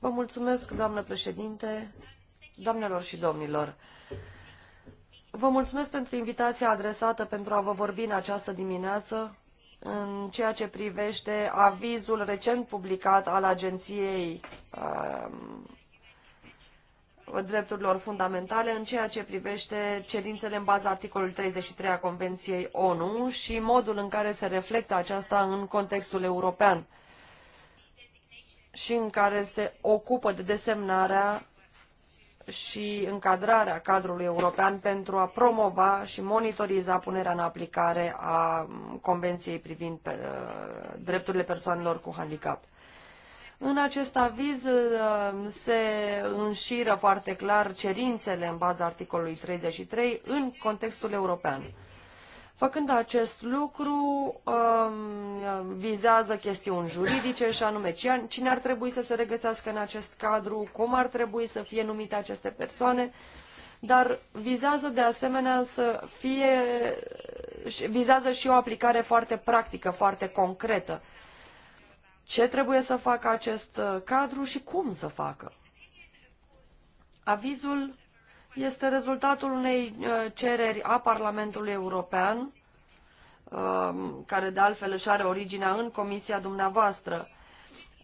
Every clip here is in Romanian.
Vă mulțumesc, doamnă președinte, doamnelor și domnilor. Vă mulțumesc pentru invitația adresată pentru a vă vorbi în această dimineață în ceea ce privește avizul recent publicat al Agenției uh, Drepturilor Fundamentale în ceea ce privește cerințele în baza articolului 33 a Convenției ONU și modul în care se reflectă aceasta în contextul european și în care se ocupă de desemnarea și încadrarea cadrului european pentru a promova și monitoriza punerea în aplicare a Convenției privind pe, uh, drepturile persoanelor cu handicap. În acest aviz uh, se înșiră foarte clar cerințele în baza articolului 33 în contextul european. Făcând acest lucru, um, vizează chestiuni juridice și anume cine ar trebui să se regăsească în acest cadru, cum ar trebui să fie numite aceste persoane, dar vizează de asemenea să fie, vizează și o aplicare foarte practică, foarte concretă. Ce trebuie să facă acest uh, cadru și cum să facă? Avizul este rezultatul unei uh, cereri a Parlamentului European, um, care de altfel își are originea în comisia dumneavoastră.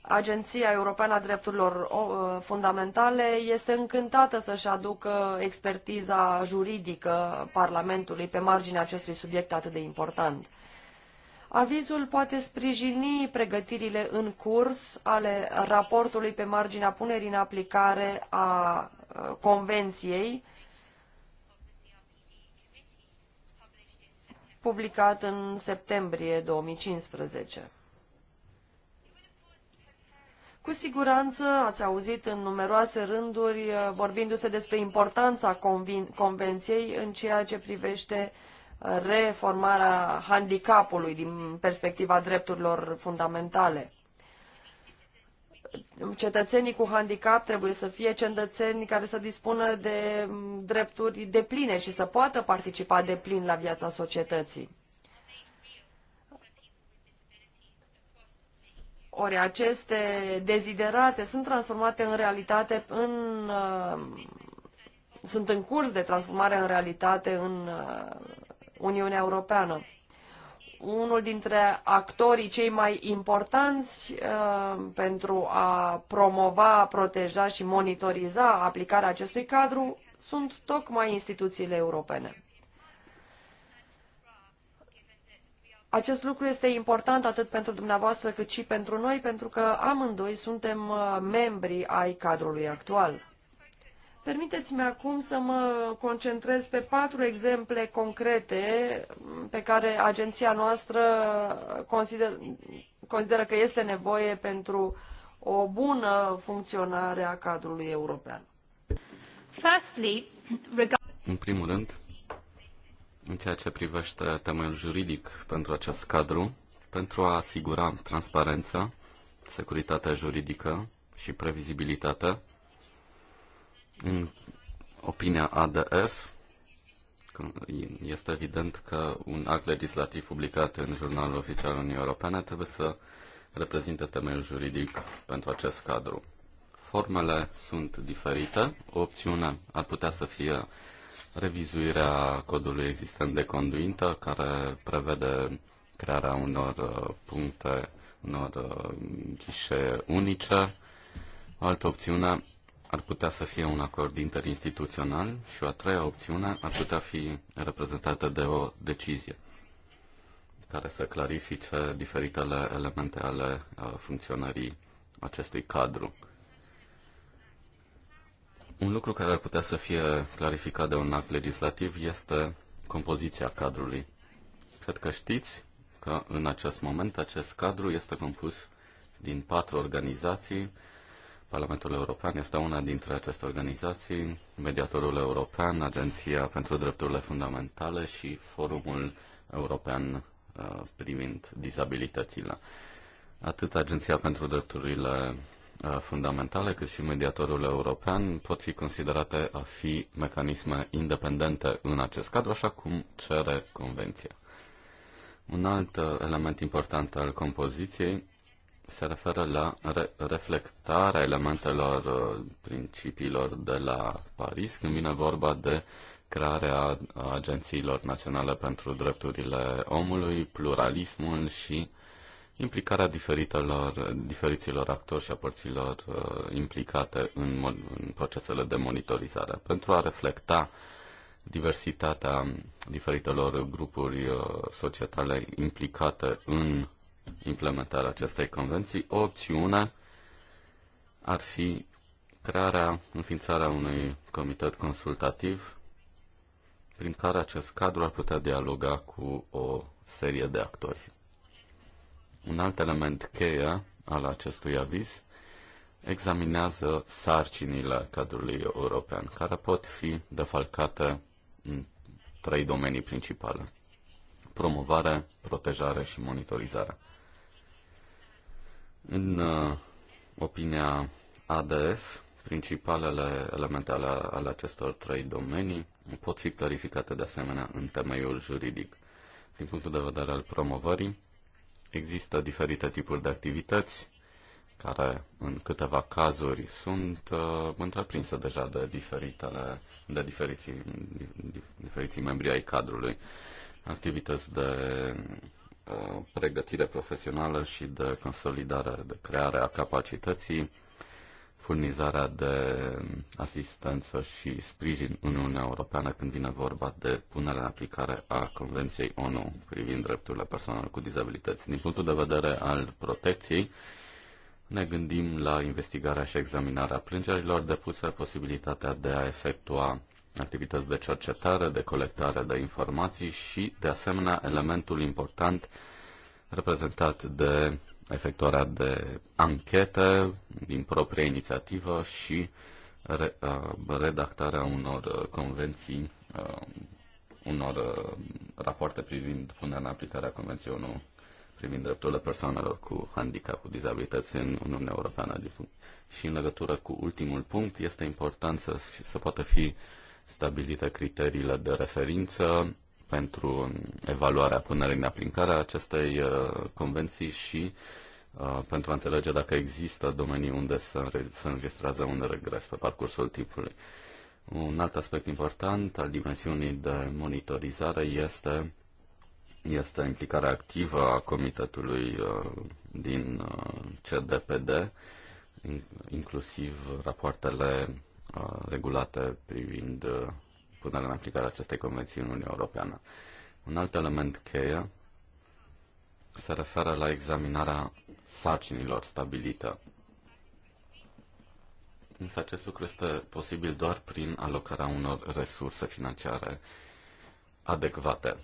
Agenția Europeană a Drepturilor uh, Fundamentale este încântată să-și aducă expertiza juridică Parlamentului pe marginea acestui subiect atât de important. Avizul poate sprijini pregătirile în curs ale raportului pe marginea punerii în aplicare a Convenției, publicat în septembrie 2015. Cu siguranță ați auzit în numeroase rânduri uh, vorbindu-se despre importanța convenției în ceea ce privește uh, reformarea handicapului din perspectiva drepturilor fundamentale cetățenii cu handicap trebuie să fie cetățeni care să dispună de mm, drepturi depline și să poată participa deplin la viața societății. Ori aceste deziderate sunt transformate în realitate în mm, sunt în curs de transformare în realitate în mm, Uniunea Europeană unul dintre actorii cei mai importanți uh, pentru a promova, proteja și monitoriza aplicarea acestui cadru sunt tocmai instituțiile europene. Acest lucru este important atât pentru dumneavoastră cât și pentru noi, pentru că amândoi suntem uh, membri ai cadrului actual. Permiteți-mi acum să mă concentrez pe patru exemple concrete pe care agenția noastră consider, consideră că este nevoie pentru o bună funcționare a cadrului european. Firstly, în primul rând, în ceea ce privește temeiul juridic pentru acest cadru, pentru a asigura transparența, securitatea juridică și previzibilitatea, în opinia ADF, este evident că un act legislativ publicat în jurnalul oficial Uniunii Europene trebuie să reprezinte temeiul juridic pentru acest cadru. Formele sunt diferite. O opțiune ar putea să fie revizuirea codului existent de conduită, care prevede crearea unor uh, puncte, unor uh, ghișe unice. O altă opțiune ar putea să fie un acord interinstituțional și o a treia opțiune ar putea fi reprezentată de o decizie care să clarifice diferitele elemente ale uh, funcționării acestui cadru. Un lucru care ar putea să fie clarificat de un act legislativ este compoziția cadrului. Cred că știți că în acest moment acest cadru este compus din patru organizații Parlamentul European este una dintre aceste organizații, Mediatorul European, Agenția pentru Drepturile Fundamentale și Forumul European uh, privind dizabilitățile. Atât Agenția pentru Drepturile uh, fundamentale, cât și mediatorul european pot fi considerate a fi mecanisme independente în acest cadru, așa cum cere Convenția. Un alt uh, element important al compoziției se referă la re- reflectarea elementelor uh, principiilor de la Paris când vine vorba de crearea agențiilor naționale pentru drepturile omului, pluralismul și implicarea diferitelor, diferiților actori și a părților uh, implicate în, în procesele de monitorizare. Pentru a reflecta diversitatea diferitelor grupuri uh, societale implicate în implementarea acestei convenții, o opțiune ar fi crearea, înființarea unui comitet consultativ prin care acest cadru ar putea dialoga cu o serie de actori. Un alt element cheie al acestui aviz examinează sarcinile cadrului european, care pot fi defalcate în trei domenii principale. Promovare, protejare și monitorizare. În uh, opinia ADF, principalele elemente ale, ale acestor trei domenii pot fi clarificate de asemenea în temeiul juridic. Din punctul de vedere al promovării, există diferite tipuri de activități care în câteva cazuri sunt uh, întreprinse deja de diferitele, de diferiții, diferiții membri ai cadrului. Activități de Uh, pregătire profesională și de consolidare, de creare a capacității, furnizarea de asistență și sprijin în Uniunea Europeană când vine vorba de punerea în aplicare a Convenției ONU privind drepturile persoanelor cu dizabilități. Din punctul de vedere al protecției, ne gândim la investigarea și examinarea plângerilor depuse, posibilitatea de a efectua activități de cercetare, de colectare de informații și, de asemenea, elementul important reprezentat de efectuarea de anchete din propria inițiativă și re, uh, redactarea unor convenții, uh, unor uh, rapoarte privind punerea în aplicare a Convenției 1 privind drepturile persoanelor cu handicap, cu dizabilități în Uniunea Europeană. Deci, și în legătură cu ultimul punct, este important să, să poată fi uh, stabilite criteriile de referință pentru evaluarea punerii în aplicare a acestei uh, convenții și uh, pentru a înțelege dacă există domenii unde se înregistrează un regres pe parcursul timpului. Un alt aspect important al dimensiunii de monitorizare este, este implicarea activă a comitetului uh, din CDPD, inclusiv rapoartele Uh, regulate privind uh, punerea în aplicare acestei convenții în Uniunea Europeană. Un alt element cheie se referă la examinarea sarcinilor stabilită. Însă acest lucru este posibil doar prin alocarea unor resurse financiare adecvate.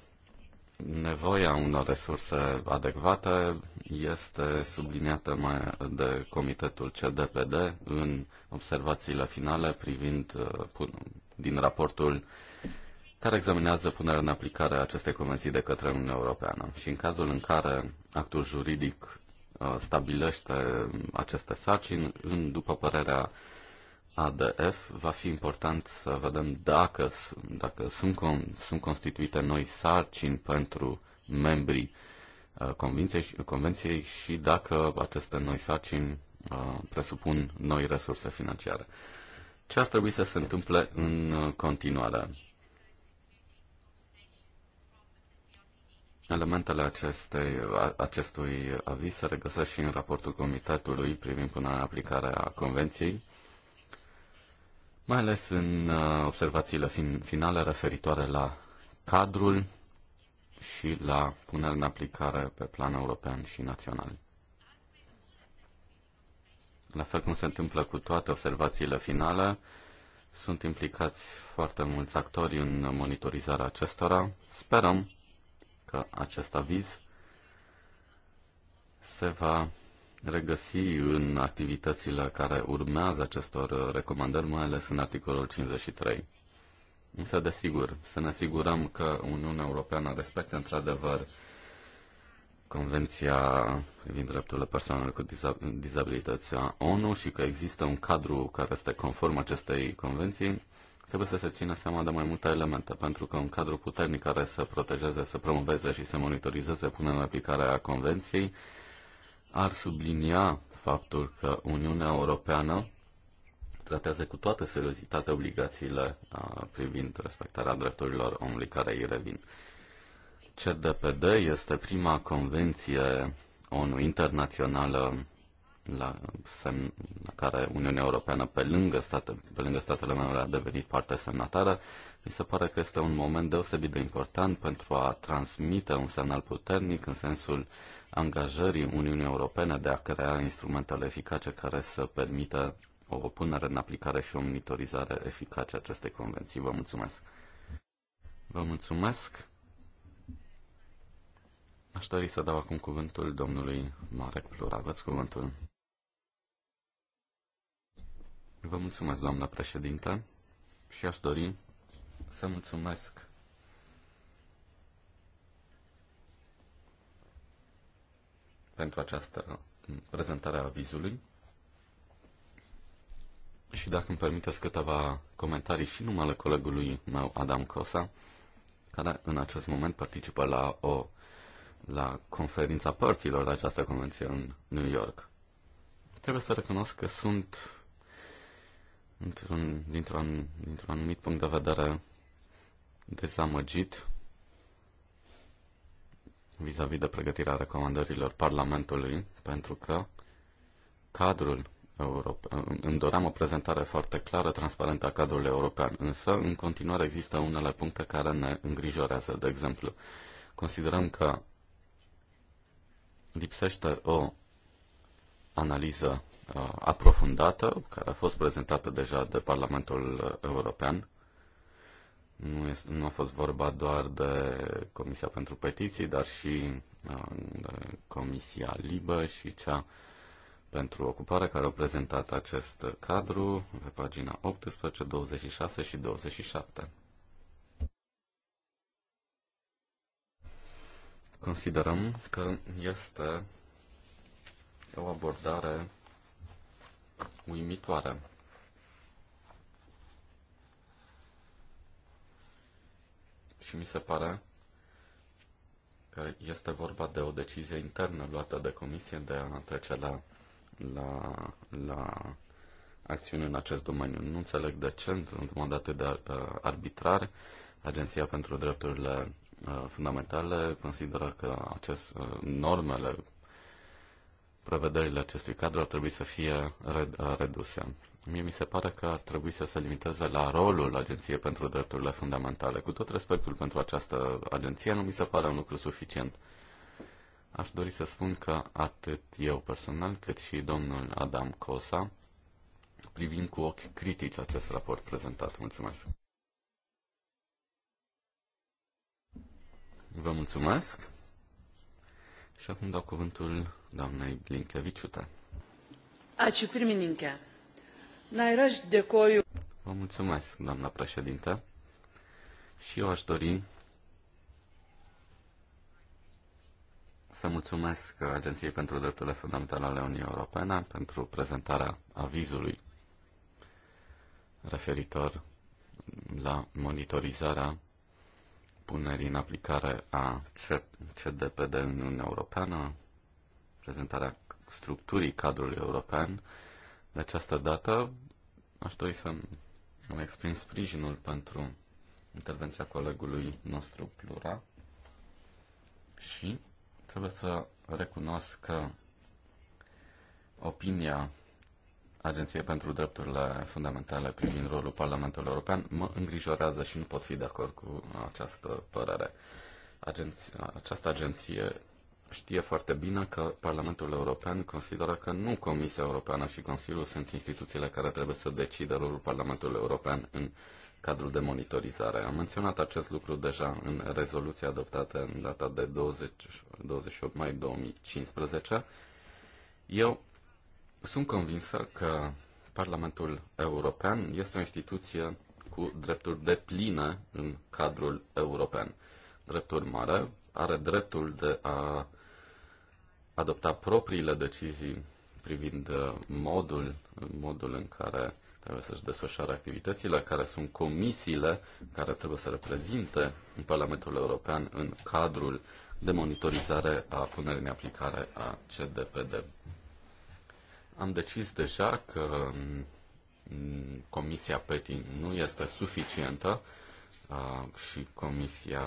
Nevoia unor resurse adecvate este subliniată mai de Comitetul CDPD în observațiile finale privind uh, din raportul care examinează punerea în aplicare a acestei convenții de către Uniunea Europeană. Și în cazul în care actul juridic uh, stabilește aceste sarcini, în, după părerea ADF, va fi important să vedem dacă, dacă sunt, sunt constituite noi sarcini pentru membrii uh, convenției, convenției și dacă aceste noi sarcini uh, presupun noi resurse financiare. Ce ar trebui să se întâmple în uh, continuare? Elementele acestei, acestui aviz se regăsesc și în raportul Comitetului privind punerea în aplicare a Convenției mai ales în uh, observațiile fin- finale referitoare la cadrul și la punerea în aplicare pe plan european și național. La fel cum se întâmplă cu toate observațiile finale, sunt implicați foarte mulți actori în monitorizarea acestora. Sperăm că acest aviz se va regăsi în activitățile care urmează acestor recomandări, mai ales în articolul 53. Însă, desigur, să ne asigurăm că Uniunea Europeană respectă într-adevăr Convenția privind drepturile persoanelor cu dizabilități a ONU și că există un cadru care este conform acestei convenții, trebuie să se țină seama de mai multe elemente, pentru că un cadru puternic care să protejeze, să promoveze și să monitorizeze punerea în aplicare a convenției ar sublinia faptul că Uniunea Europeană tratează cu toată seriozitatea obligațiile privind respectarea drepturilor omului care îi revin. CDPD este prima convenție ONU internațională la, semn, la care Uniunea Europeană, pe lângă, state, pe lângă statele membre, a devenit parte semnatară, mi se pare că este un moment deosebit de important pentru a transmite un semnal puternic în sensul angajării Uniunii Europene de a crea instrumentele eficace care să permită o punere în aplicare și o monitorizare eficace a acestei convenții. Vă mulțumesc! Vă mulțumesc! Aș dori să dau acum cuvântul domnului Marek Plura. Aveți cuvântul. Vă mulțumesc, doamna președinte, și aș dori să mulțumesc pentru această prezentare a avizului. Și dacă îmi permiteți câteva comentarii și numele colegului meu, Adam Cosa, care în acest moment participă la o la conferința părților la această convenție în New York. Trebuie să recunosc că sunt într-un, dintr-un, dintr-un anumit punct de vedere dezamăgit vis-a-vis -vis de pregătirea recomandărilor Parlamentului, pentru că cadrul Europe... îmi doream o prezentare foarte clară, transparentă a cadrului european, însă în continuare există unele puncte care ne îngrijorează. De exemplu, considerăm că lipsește o analiză uh, aprofundată, care a fost prezentată deja de Parlamentul European, nu, este, nu a fost vorba doar de Comisia pentru Petiții, dar și de Comisia Libă și cea pentru ocupare care au prezentat acest cadru pe pagina 18, 26 și 27. Considerăm că este o abordare uimitoare și mi se pare că este vorba de o decizie internă luată de comisie de a trece la, la, la acțiuni în acest domeniu. Nu înțeleg de ce, într-un mod atât de uh, arbitrar, Agenția pentru Drepturile uh, Fundamentale consideră că acest, uh, normele, prevederile acestui cadru ar trebui să fie reduse mie mi se pare că ar trebui să se limiteze la rolul Agenției pentru Drepturile Fundamentale. Cu tot respectul pentru această agenție, nu mi se pare un lucru suficient. Aș dori să spun că atât eu personal, cât și domnul Adam Cosa privim cu ochi critici acest raport prezentat. Mulțumesc! Vă mulțumesc! Și acum dau cuvântul doamnei Blinkeviciute. Ačiū pirmininkė. Nairaș Decoiu. Vă mulțumesc, doamna președintă. Și eu aș dori să mulțumesc Agenției pentru Drepturile Fundamentale ale Uniunii Europene pentru prezentarea avizului referitor la monitorizarea punerii în aplicare a CDPD în Uniunea Europeană, prezentarea structurii cadrului european, de această dată aș dori să îmi exprim sprijinul pentru intervenția colegului nostru Plura și trebuie să recunosc că opinia Agenției pentru Drepturile Fundamentale privind rolul Parlamentului European mă îngrijorează și nu pot fi de acord cu această părere. Agenția, această agenție știe foarte bine că Parlamentul European consideră că nu Comisia Europeană și Consiliul sunt instituțiile care trebuie să decidă rolul Parlamentului European în cadrul de monitorizare. Am menționat acest lucru deja în rezoluția adoptată în data de 20, 28 mai 2015. Eu sunt convinsă că Parlamentul European este o instituție cu drepturi de plină în cadrul european. Drepturi mari. are dreptul de a adopta propriile decizii privind uh, modul, modul în care trebuie să-și desfășoare activitățile, care sunt comisiile care trebuie să reprezinte în Parlamentul European în cadrul de monitorizare a punerii în aplicare a CDPD. Am decis deja că mm, Comisia PETI nu este suficientă și Comisia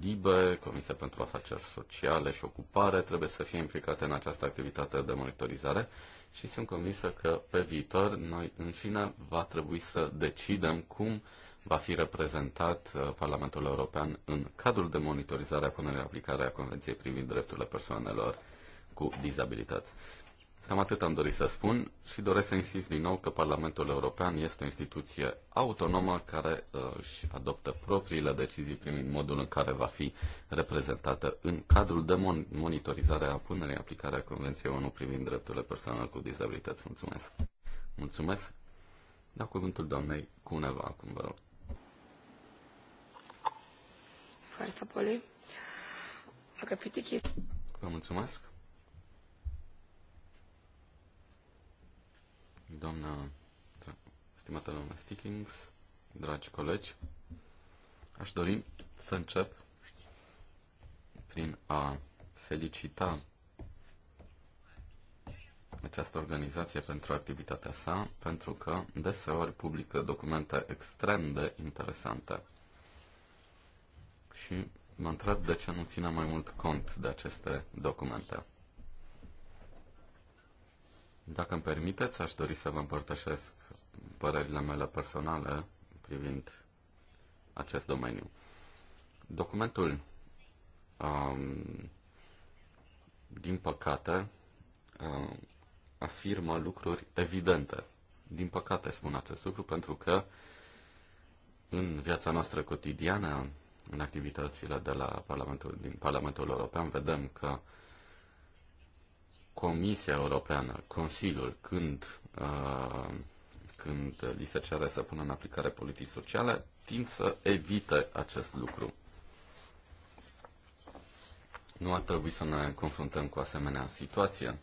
LIBE, Comisia pentru Afaceri Sociale și Ocupare, trebuie să fie implicate în această activitate de monitorizare și sunt convinsă că pe viitor noi, în fine, va trebui să decidem cum va fi reprezentat uh, Parlamentul European în cadrul de monitorizare a punerii aplicare a Convenției privind drepturile persoanelor cu dizabilități. Cam atât am dorit să spun și doresc să insist din nou că Parlamentul European este o instituție autonomă care uh, își adoptă propriile decizii prin modul în care va fi reprezentată în cadrul de monitorizare a punerii în aplicare a Convenției ONU privind drepturile persoanelor cu dizabilități. Mulțumesc! Mulțumesc! Da cuvântul doamnei Cuneva acum, vă rog. Vă mulțumesc! doamna, stimată doamna Stickings, dragi colegi, aș dori să încep prin a felicita această organizație pentru activitatea sa, pentru că deseori publică documente extrem de interesante. Și mă întreb de ce nu ține mai mult cont de aceste documente. Dacă îmi permiteți, aș dori să vă împărtășesc părerile mele personale privind acest domeniu. Documentul, um, din păcate, um, afirmă lucruri evidente. Din păcate spun acest lucru pentru că în viața noastră cotidiană, în activitățile de la Parlamentul, din Parlamentul European, vedem că uh, Comisia Europeană, Consiliul, când, uh, când li se cere să pună în aplicare politici sociale, tind să evite acest lucru. Nu ar trebui să ne confruntăm cu asemenea situație.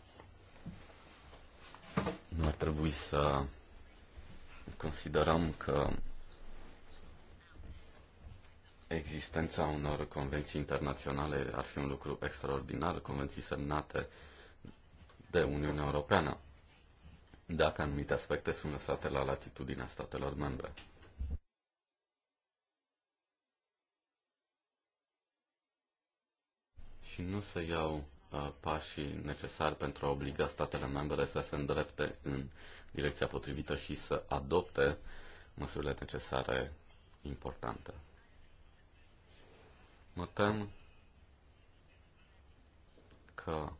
Nu ar trebui să considerăm că existența unor convenții internaționale ar fi un lucru extraordinar, convenții semnate uh, de Uniunea Europeană, dacă anumite aspecte sunt lăsate la latitudinea statelor membre. Și nu se iau uh, pașii necesari pentru a obliga statele membre să se îndrepte în direcția potrivită și să adopte măsurile necesare importante. Mă tem că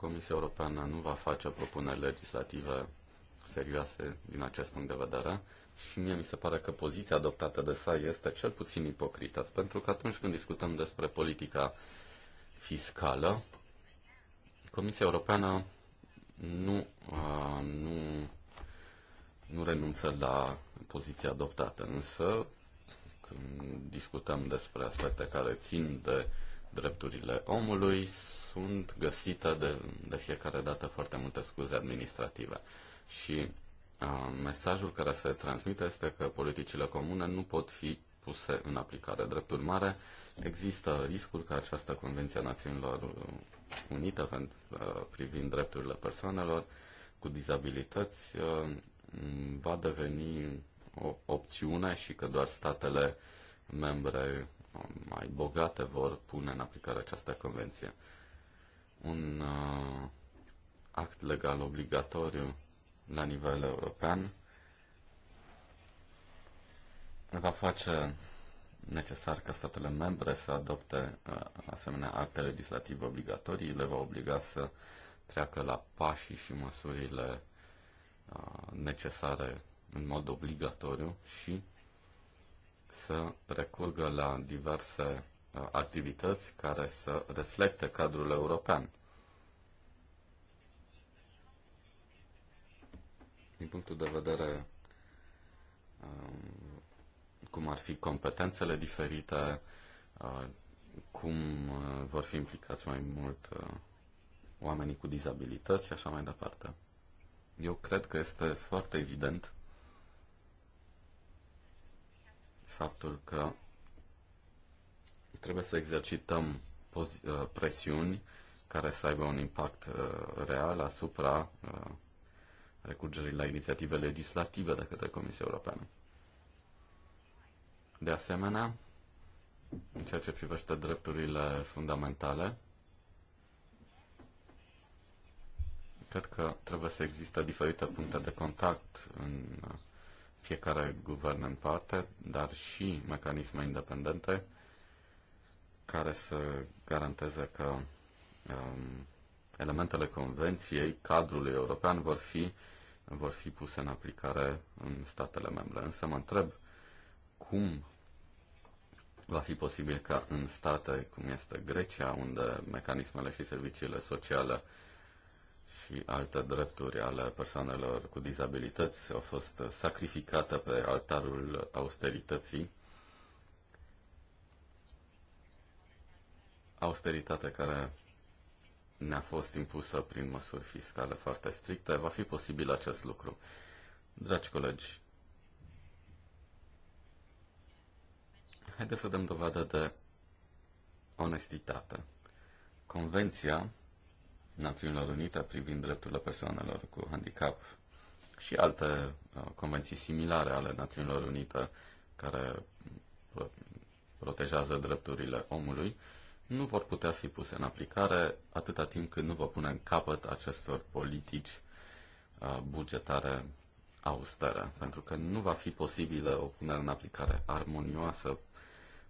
Comisia Europeană nu va face propuneri legislative serioase din acest punct de vedere și mie mi se pare că poziția adoptată de sa este cel puțin ipocrită, pentru că atunci când discutăm despre politica fiscală, Comisia Europeană nu, a, uh, nu, nu renunță la poziția adoptată, însă când discutăm despre aspecte care țin de uh, drepturile omului sunt găsite de, de fiecare dată foarte multe scuze administrative. Și a, mesajul care se transmite este că politicile comune nu pot fi puse în aplicare. Drept urmare, există riscul ca această Convenție a Națiunilor Unite pentru, privind drepturile persoanelor cu dizabilități va deveni o opțiune și că doar statele membre mai bogate vor pune în aplicare această convenție. Un uh, act legal obligatoriu la nivel european va face necesar ca statele membre să adopte uh, asemenea acte legislative obligatorii, le va obliga să treacă la pașii și măsurile uh, necesare în mod obligatoriu și să recurgă la diverse uh, activități care să reflecte cadrul european. Din punctul de vedere um, cum ar fi competențele diferite, uh, cum uh, vor fi implicați mai mult oamenii cu dizabilități și așa mai departe. Eu cred că este foarte evident faptul că trebuie să exercităm uh, presiuni care să aibă un impact uh, real asupra uh, recurgerii la inițiative legislative de către Comisia Europeană. De asemenea, în ceea ce privește drepturile fundamentale, cred că trebuie să existe diferite puncte de contact în fiecare guvern în parte, dar și mecanisme independente care să garanteze că um, elementele convenției cadrului european vor fi, vor fi puse în aplicare în statele membre. Însă mă întreb cum va fi posibil ca în state cum este Grecia, unde mecanismele și serviciile sociale uh, și alte drepturi ale persoanelor cu dizabilități au fost sacrificate pe altarul austerității. Austeritate care ne-a fost impusă prin măsuri fiscale foarte stricte, va fi posibil acest lucru. Dragi colegi, haideți să dăm dovadă de onestitate. Convenția Națiunilor Unite privind drepturile persoanelor cu handicap și alte uh, convenții similare ale Națiunilor Unite care protejează drepturile omului, nu vor putea fi puse în aplicare atâta timp cât nu vă pune în capăt acestor politici uh, bugetare austere, pentru că nu va fi posibilă o punere în aplicare armonioasă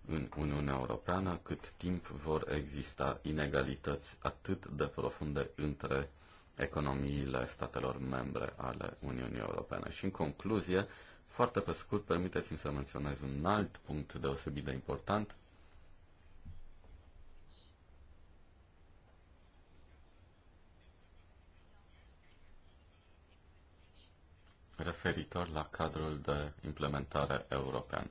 în Uniunea Europeană, cât timp vor exista inegalități atât de profunde între economiile statelor membre ale Uniunii Europene. Și în concluzie, foarte pe scurt, permiteți-mi să menționez un alt punct deosebit de important. referitor la cadrul de implementare european.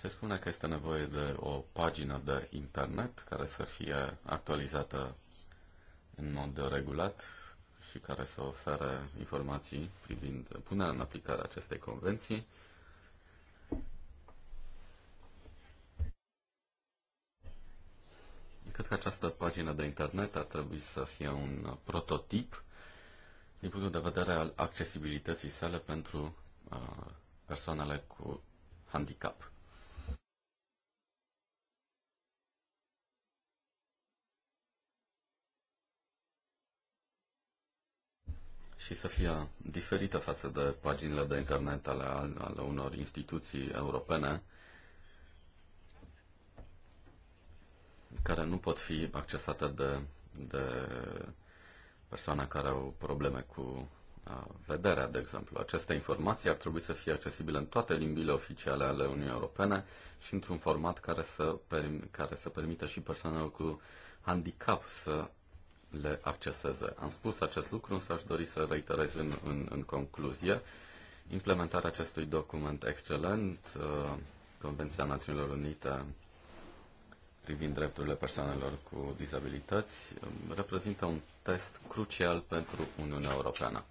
Se spune că este nevoie de o pagină de internet care să fie actualizată în mod regulat și care să ofere informații privind punerea în aplicare a acestei convenții. Cred că această pagină de internet ar trebui să fie un prototip din punctul de vedere al accesibilității sale pentru uh, persoanele cu handicap. și să fie diferită față de paginile de internet ale, ale unor instituții europene care nu pot fi accesate de, de persoane care au probleme cu uh, vederea, de exemplu. Aceste informații ar trebui să fie accesibile în toate limbile oficiale ale Uniunii Europene și într-un format care să, care să permită și persoanelor cu handicap să le acceseze. Am spus acest lucru, însă aș dori să reiterez în, în, în concluzie. Implementarea acestui document excelent, uh, Convenția Națiunilor Unite privind drepturile persoanelor cu dizabilități, um, reprezintă un test crucial pentru Uniunea Europeană.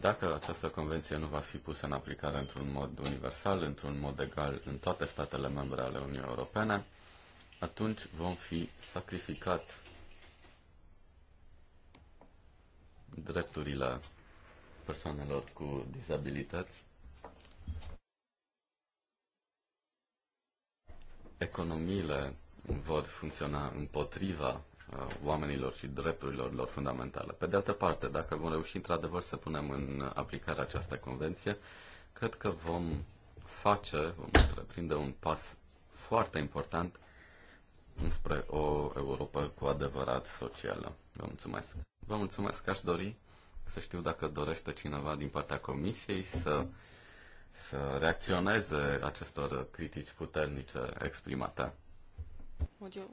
Dacă această convenție nu va fi pusă în aplicare într-un mod universal, într-un mod egal în toate statele membre ale Uniunii Europene, atunci vom fi sacrificat drepturile persoanelor cu dizabilități, economiile vor funcționa împotriva uh, oamenilor și drepturilor lor fundamentale. Pe de altă parte, dacă vom reuși într-adevăr să punem în aplicare această convenție, cred că vom face, vom întreprinde un pas foarte important înspre o Europa cu adevărat socială. Vă mulțumesc. Vă mulțumesc, aș dori să știu dacă dorește cineva din partea Comisiei să, să reacționeze acestor critici puternice exprimate. Would you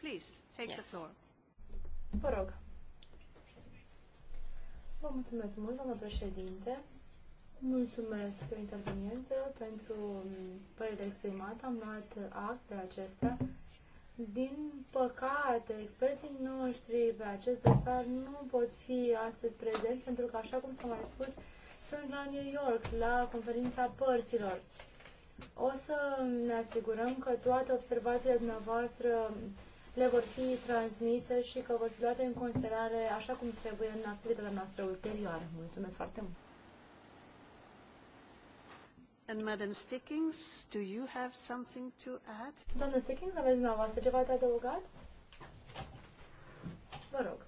please take yes. the floor? Vă rog. Vă mulțumesc mult, doamnă președinte. Mulțumesc interveniență pentru părerea exprimată, Am luat act de acestea din păcate, experții noștri pe acest dosar nu pot fi astăzi prezenți pentru că, așa cum s-a mai spus, sunt la New York, la conferința părților. O să ne asigurăm că toate observațiile dumneavoastră le vor fi transmise și că vor fi luate în considerare așa cum trebuie în activitatea noastră ulterioară. Mulțumesc foarte mult! And Madam Stickings, do you have something to add? Doamnă Stickings, aveți dumneavoastră ceva de adăugat? Vă rog.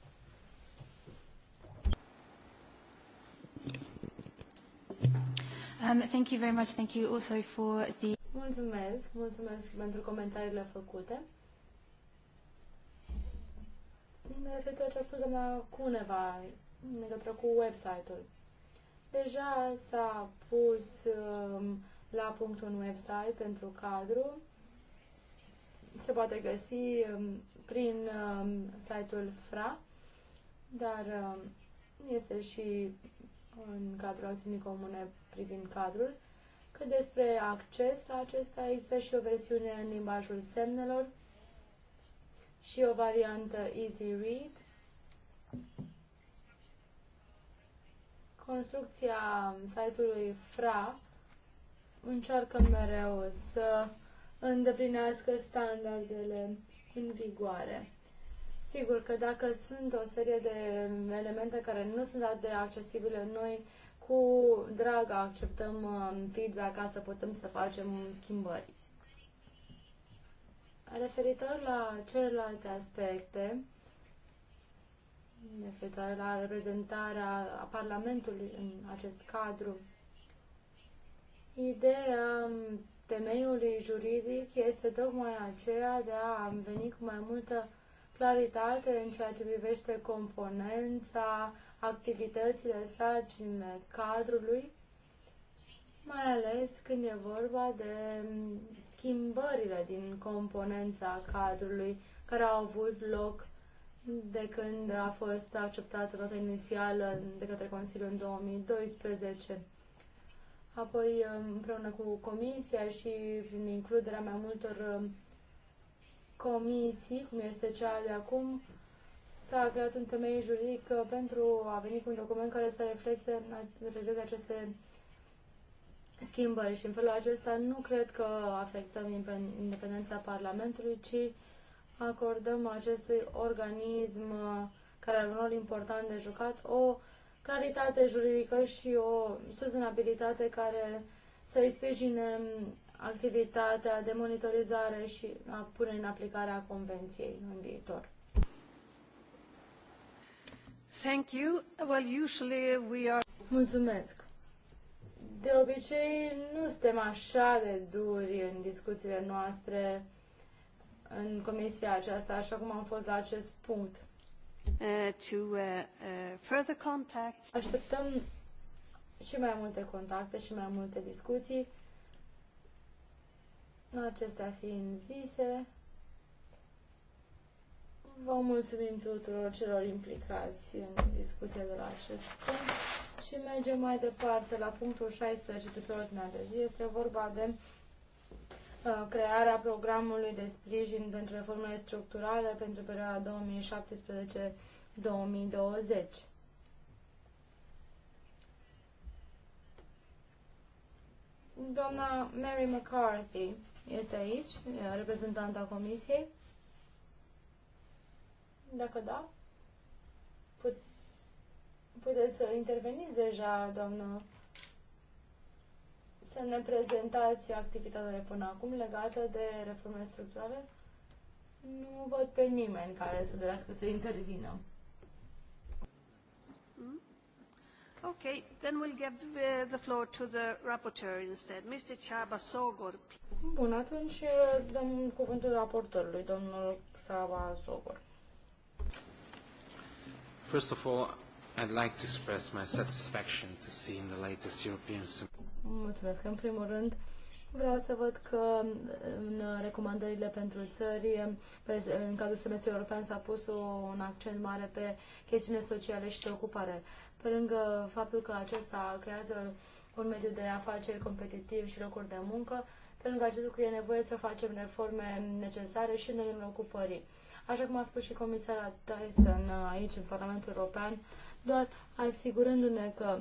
Um, thank you very much. Thank you also for the... Mulțumesc, mulțumesc pentru comentariile făcute. Referitor ce a spus doamna Cuneva în legătură cu website-ul. Deja s-a pus um, la punct un website pentru cadru. Se poate găsi um, prin um, site-ul FRA, dar este și în cadrul acțiunii comune privind cadrul. Cât despre acces la acesta, există și o versiune în limbajul semnelor și o variantă Easy Read construcția site-ului FRA încearcă mereu să îndeplinească standardele în vigoare. Sigur că dacă sunt o serie de elemente care nu sunt atât de accesibile, noi cu drag acceptăm um, feedback ca să putem să facem schimbări. Referitor la celelalte aspecte, referitoare la reprezentarea Parlamentului în acest cadru. Ideea temeiului juridic este tocmai aceea de a veni cu mai multă claritate în ceea ce privește componența, activitățile, sarcinile cadrului, mai ales când e vorba de schimbările din componența cadrului care au avut loc de când a fost acceptată nota inițială de către Consiliu în 2012. Apoi, împreună cu Comisia și prin includerea mai multor um, comisii, cum este cea de acum, s-a creat un temei juridic uh, pentru a veni cu un document care să reflecte, uh, reflecte aceste schimbări și în felul acesta nu cred că afectăm independența Parlamentului, ci acordăm acestui organism uh, care are un rol important de jucat o claritate juridică și o sustenabilitate care să-i sprijine um, activitatea de monitorizare și a pune în aplicare a convenției în viitor. Thank you. Well, usually we are... Mulțumesc. De obicei nu suntem așa de duri în discuțiile noastre în comisia aceasta, așa cum am fost la acest punct. Uh, to, uh, uh, further contacts. Așteptăm și mai multe contacte și mai multe discuții. Acestea fiind zise, vă mulțumim tuturor celor implicați în discuția de la acest punct și mergem mai departe la punctul 16 de pe ordinea de zi. Este vorba de Uh, crearea programului de sprijin pentru reformele structurale pentru perioada 2017-2020. Doamna Mary McCarthy este aici, uh, reprezentanta comisiei. Dacă da, put puteți să interveniți deja, doamna să ne prezentați activitatea de până acum legată de reforme structurale. Nu văd pe nimeni care să dorească să intervină. Hmm? Okay, then we'll give the floor to the rapporteur instead, Mr. Chaba Sogor. Bun, atunci uh, dăm cuvântul raportorului, domnul Csaba Sogor. First of all, I'd like to express my satisfaction to see in the latest European Mulțumesc. În primul rând, vreau să văd că în recomandările pentru țări, pe, în cadrul semestrului european, s-a pus un accent mare pe chestiune sociale și de ocupare. Pe lângă faptul că acesta creează un mediu de afaceri competitiv și locuri de muncă, pe lângă acest lucru e nevoie să facem reforme necesare și în domeniul ocupării. Așa cum a spus și comisara Tyson aici, în Parlamentul European, doar asigurându-ne că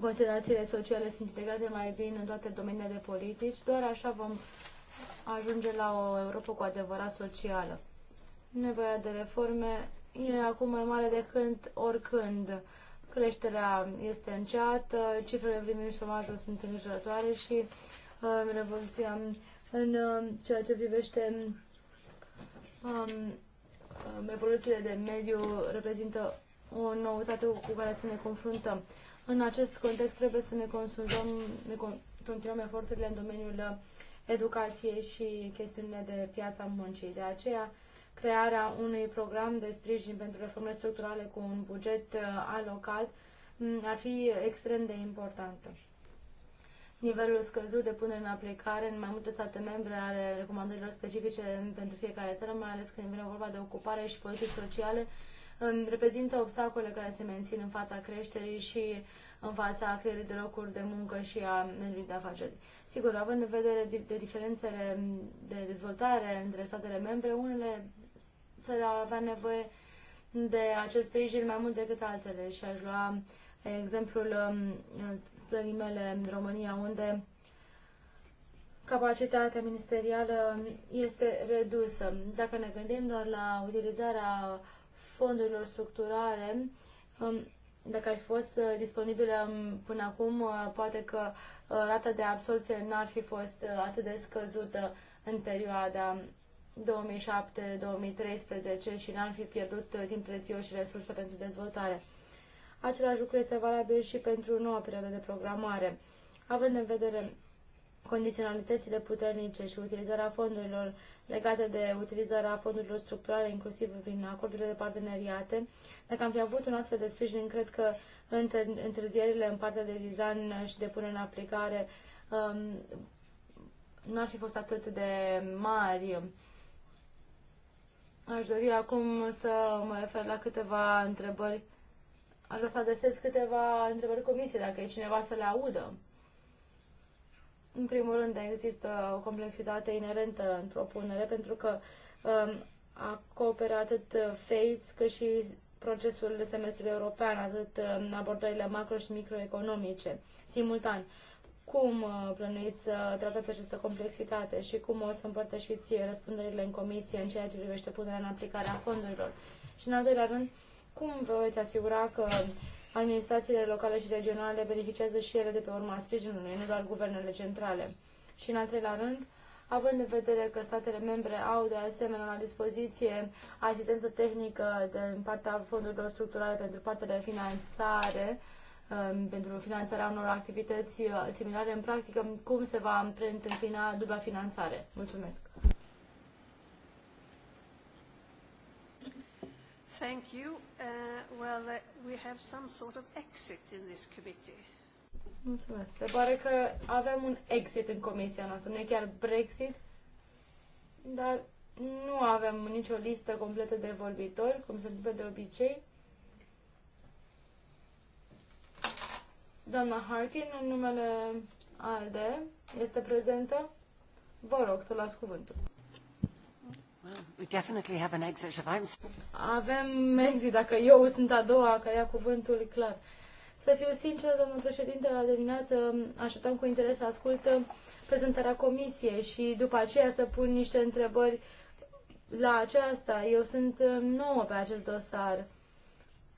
considerațiile sociale sunt integrate mai bine în toate domeniile de politici, doar așa vom ajunge la o Europa cu adevărat socială. Nevoia de reforme e acum mai mare decât oricând. Creșterea este înceată, cifrele primii șomajul sunt îngrijorătoare și uh, revoluția în uh, ceea ce privește um, um evoluțiile de mediu reprezintă o noutate cu care să ne confruntăm. În acest context trebuie să ne consultăm, ne continuăm eforturile în domeniul educației și chestiunile de piața muncii. De aceea, crearea unui program de sprijin pentru reforme structurale cu un buget uh, alocat mm, ar fi extrem de importantă. Nivelul scăzut de punere în aplicare în mai multe state membre ale recomandărilor specifice pentru fiecare țară, mai ales când vine vorba de ocupare și politici sociale, reprezintă obstacole care se mențin în fața creșterii și în fața creierii de locuri de muncă și a mediului de afaceri. Sigur, având în vedere de diferențele de dezvoltare între statele membre, unele țări au avea nevoie de acest sprijin mai mult decât altele și aș lua exemplul um, țării mele, România, unde capacitatea ministerială este redusă. Dacă ne gândim doar la utilizarea fondurilor structurale, um, dacă ar fi fost uh, disponibile um, până acum, uh, poate că uh, rata de absorție n-ar fi fost atât de scăzută în perioada 2007-2013 și n-ar fi pierdut din și resurse pentru dezvoltare. Același lucru este valabil și pentru noua perioadă de programare. Având în vedere condiționalitățile puternice și utilizarea fondurilor legate de utilizarea fondurilor structurale, inclusiv prin acordurile de parteneriate. Dacă am fi avut un astfel de sprijin, cred că întârzierile în partea de design și de pune în aplicare um, nu ar fi fost atât de mari. Aș dori acum să mă refer la câteva întrebări. Aș vrea să adresez câteva întrebări comisiei, dacă e cineva să le audă. În primul rând, există o complexitate inerentă în propunere, pentru că um, acoperă atât FACE cât și procesul de semestru european, atât um, abordările macro și microeconomice, simultan. Cum uh, plănuiți să tratați această complexitate și cum o să împărtășiți răspunderile în comisie în ceea ce privește punerea în aplicare a fondurilor? Și, în al doilea rând, cum vă veți asigura că uh, administrațiile locale și regionale beneficiază și ele de pe urma sprijinului, nu doar guvernele centrale. Și în al treilea rând, având în vedere că statele membre au de asemenea la dispoziție asistență tehnică din partea fondurilor structurale pentru partea de finanțare, um, pentru finanțarea unor activități uh, similare în practică, cum se va întâmpina dubla finanțare? Mulțumesc! Thank you. Uh, well, uh, we have some sort of exit in this committee. Mulțumesc. Se pare că avem un exit în comisia noastră, nu e chiar Brexit, dar nu avem nicio listă completă de vorbitori, cum se întâmplă de obicei. Doamna Harkin, în numele ALDE, este prezentă. Vă rog să luați cuvântul. Avem exit, dacă eu sunt a doua care ia cuvântul, clar. Să fiu sincer, domnul președinte, la dimineață așteptam cu interes să ascult uh, prezentarea comisiei și după aceea să pun niște întrebări la aceasta. Eu sunt uh, nouă pe acest dosar.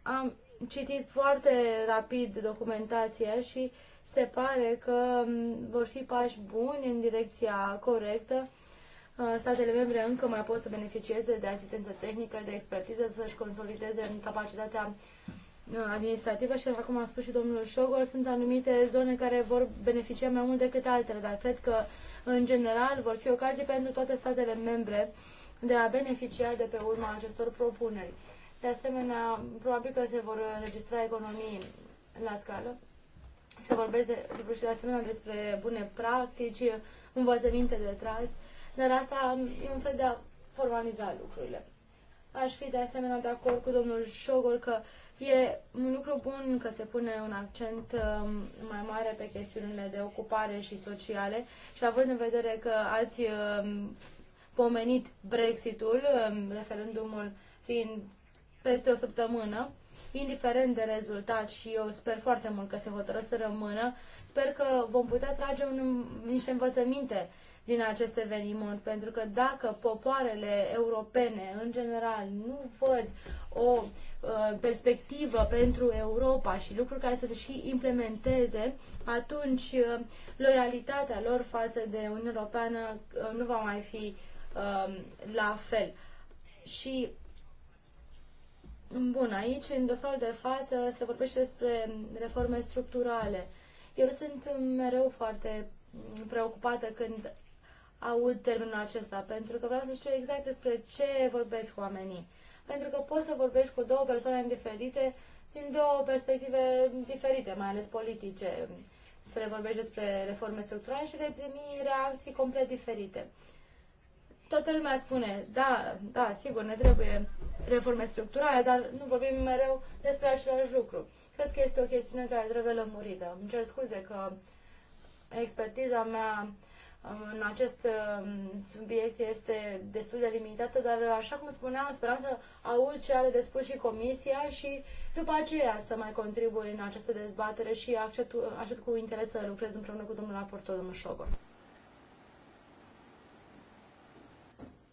Am citit foarte rapid documentația și se pare că vor fi pași buni în direcția corectă Uh, statele membre încă mai pot să beneficieze de asistență tehnică, de expertiză, să-și consolideze în capacitatea uh, administrativă și, așa cum a spus și domnul Șogor, sunt anumite zone care vor beneficia mai mult decât altele, dar cred că, în general, vor fi ocazii pentru toate statele membre de a beneficia de pe urma acestor propuneri. De asemenea, probabil că se vor înregistra economii la scală. Se vorbește de, de asemenea despre bune practici, învățăminte de tras, dar asta e un fel de a formaliza lucrurile. Aș fi de asemenea de acord cu domnul Șogor că e un lucru bun că se pune un accent um, mai mare pe chestiunile de ocupare și sociale și având în vedere că ați um, pomenit Brexitul, um, referendumul fiind peste o săptămână, indiferent de rezultat și eu sper foarte mult că se hotără să rămână, sper că vom putea trage un, niște învățăminte din acest eveniment, pentru că dacă popoarele europene, în general, nu văd o uh, perspectivă pentru Europa și lucruri care să se și implementeze, atunci uh, loialitatea lor față de Uniunea Europeană uh, nu va mai fi um, la fel. Și Bun, aici, în dosarul de față, se vorbește despre reforme structurale. Eu sunt mereu foarte preocupată când aud termenul acesta, pentru că vreau să știu exact despre ce vorbesc cu oamenii. Pentru că poți să vorbești cu două persoane diferite, din două perspective diferite, mai ales politice, să le vorbești despre reforme structurale și vei primi reacții complet diferite. Toată lumea spune, da, da, sigur, ne trebuie reforme structurale, dar nu vorbim mereu despre același lucru. Cred că este o chestiune care trebuie lămurită. Îmi cer scuze că expertiza mea în acest um, subiect este destul de limitată, dar uh, așa cum spuneam, speram să aud ce are de spus și comisia și după aceea să mai contribui în această dezbatere și accept, uh, accept cu interes să lucrez împreună cu domnul raportor, domnul Șogor.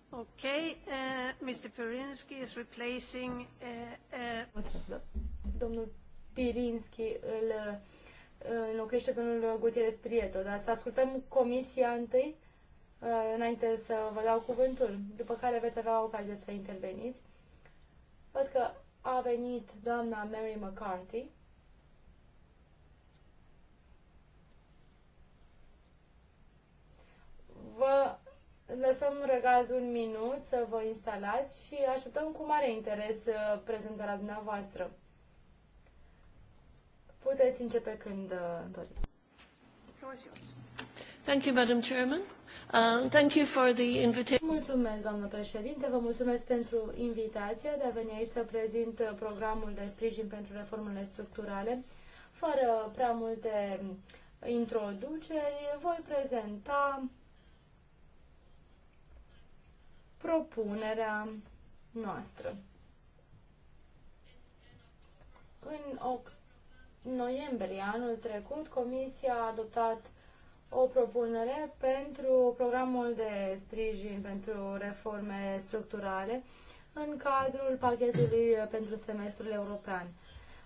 Okay, uh, Mr. Pirinski is replacing... Uh, uh... Domnul Pirinski îl înlocuiește domnul Gutierrez Prieto, dar să ascultăm comisia întâi, uh, înainte să vă dau cuvântul, după care veți avea ocazia să interveniți. Văd că a venit doamna Mary McCarthy. Vă lăsăm răgaz un minut să vă instalați și așteptăm cu mare interes uh, prezentarea dumneavoastră. Puteți începe când uh, doriți. Thank you, Madam Chairman. Uh, thank you for the invitation. Mulțumesc, doamnă președinte, vă mulțumesc pentru invitația de a veni aici să prezint uh, programul de sprijin pentru reformele structurale. Fără prea multe uh, introduceri, voi prezenta propunerea noastră. În octombrie, noiembrie anul trecut, Comisia a adoptat o propunere pentru programul de sprijin pentru reforme structurale în cadrul pachetului pentru semestrul european.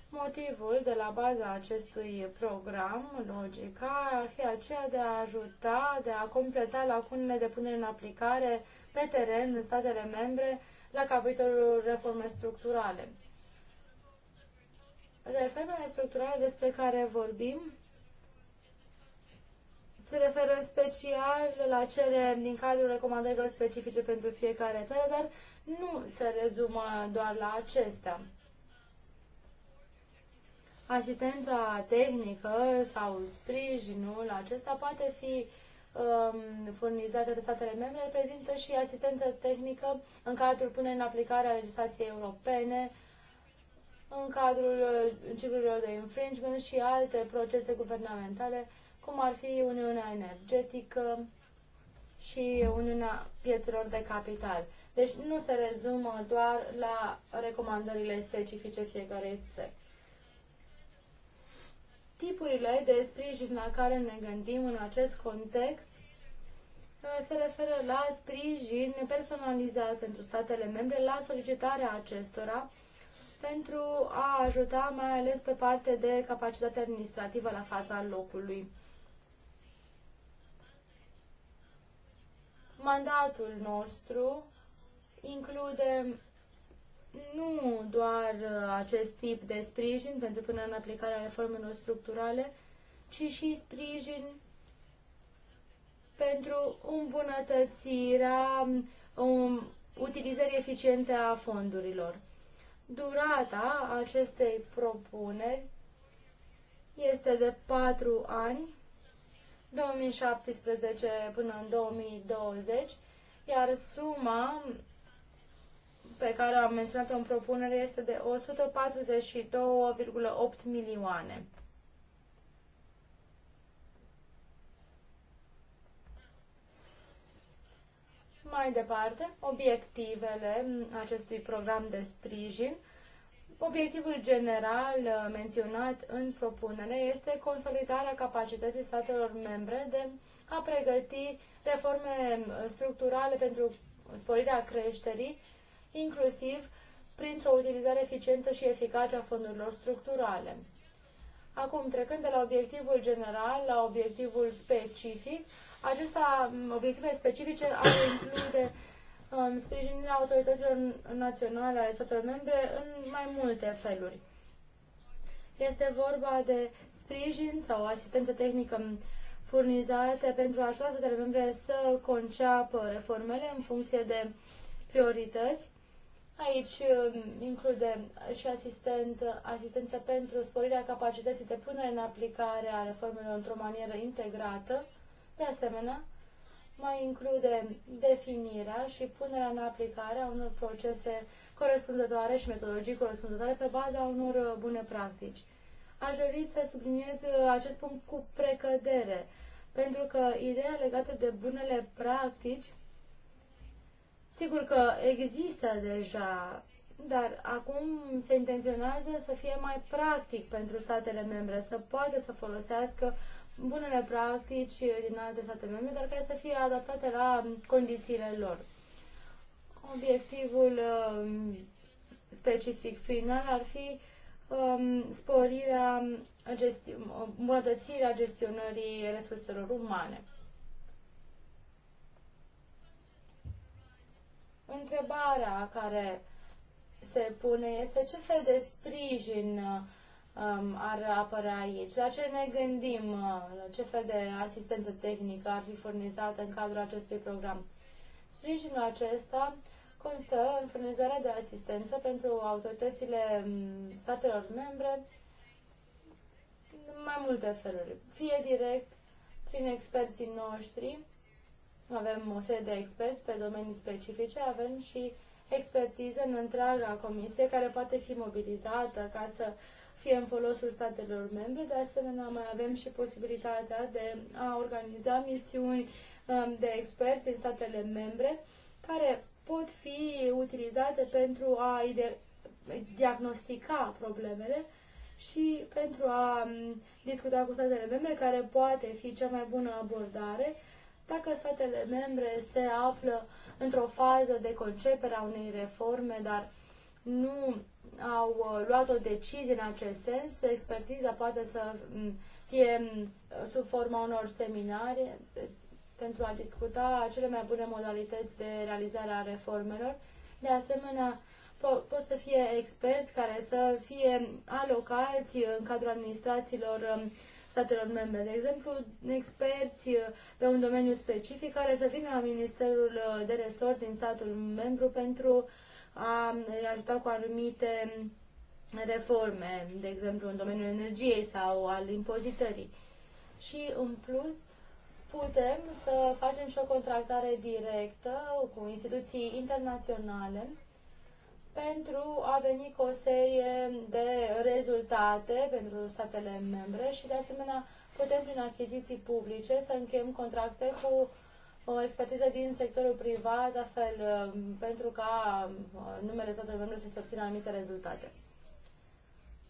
Motivul de la baza acestui program, logica, ar fi aceea de a ajuta, de a completa lacunele de punere în aplicare pe teren în statele membre la capitolul reforme structurale. Reformele structurale despre care vorbim se referă în special la cele din cadrul recomandărilor specifice pentru fiecare țară, dar nu se rezumă doar la acestea. Asistența tehnică sau sprijinul acesta poate fi um, furnizată de statele membre, reprezintă și asistență tehnică în cadrul punerii în aplicare a legislației europene, în cadrul uh, ciclurilor de infringement și alte procese guvernamentale, cum ar fi Uniunea Energetică și Uniunea Piețelor de Capital. Deci nu se rezumă doar la recomandările specifice fiecarei țări. Tipurile de sprijin la care ne gândim în acest context uh, se referă la sprijin personalizat pentru statele membre, la solicitarea acestora pentru a ajuta mai ales pe parte de capacitate administrativă la fața locului. Mandatul nostru include nu doar acest tip de sprijin pentru până în aplicarea reformelor structurale, ci și sprijin pentru îmbunătățirea um, utilizării eficiente a fondurilor. Durata acestei propuneri este de 4 ani, 2017 până în 2020, iar suma pe care am menționat-o în propunere este de 142,8 milioane. Mai departe, obiectivele acestui program de sprijin. Obiectivul general menționat în propunere este consolidarea capacității statelor membre de a pregăti reforme structurale pentru sporirea creșterii, inclusiv printr-o utilizare eficientă și eficace a fondurilor structurale. Acum, trecând de la obiectivul general la obiectivul specific, acesta, mm, obiective specifice, ar include um, sprijinirea autorităților naționale ale statelor membre în mai multe feluri. Este vorba de sprijin sau asistență tehnică mm, furnizate pentru a ajuta statele membre să conceapă reformele în funcție de priorități. Aici um, include și asistent, asistență pentru sporirea capacității de punere în aplicare a reformelor într-o manieră integrată, de asemenea, mai include definirea și punerea în aplicare a unor procese corespunzătoare și metodologii corespunzătoare pe baza unor uh, bune practici. Aș dori să subliniez uh, acest punct cu precădere, pentru că ideea legată de bunele practici, sigur că există deja, dar acum se intenționează să fie mai practic pentru statele membre, să poată să folosească uh, bunele practici din alte state membre, dar care să fie adaptate la condițiile lor. Obiectivul um, specific final ar fi um, sporirea, îmbunătățirea gestionării resurselor umane. Întrebarea care se pune este ce fel de sprijin uh, um, ar apărea aici. La ce ne gândim? Uh, la ce fel de asistență tehnică ar fi furnizată în cadrul acestui program? Sprijinul acesta constă în furnizarea de asistență pentru autoritățile um, statelor membre în mai multe feluri. Fie direct, prin experții noștri, avem o serie de experți pe domenii specifice, avem și expertiză în întreaga comisie care poate fi mobilizată ca să uh, fie în folosul statelor membre. De asemenea, mai avem și posibilitatea de a organiza misiuni um, de experți în statele membre care pot fi utilizate pentru a diagnostica problemele și pentru a um, discuta cu statele membre care poate fi cea mai bună abordare dacă statele membre se află într-o fază de concepere a unei reforme, dar nu au uh, luat o decizie în acest sens, expertiza poate să mm, fie mm, sub forma unor seminare pentru a discuta cele mai bune modalități de realizare a reformelor. De asemenea, po- pot să fie experți care să fie alocați în cadrul administrațiilor um, statelor membre. De exemplu, experți uh, pe un domeniu specific care să vină la Ministerul uh, de Resort din statul membru pentru uh, a ajuta cu anumite reforme, de exemplu în domeniul energiei sau al impozitării. Și în plus putem să facem și o contractare directă cu instituții internaționale pentru a veni cu o serie de rezultate pentru statele membre și de asemenea putem prin achiziții publice să încheiem contracte cu o expertiză din sectorul privat, astfel um, pentru ca um, numele statelor membre să se obțină anumite rezultate.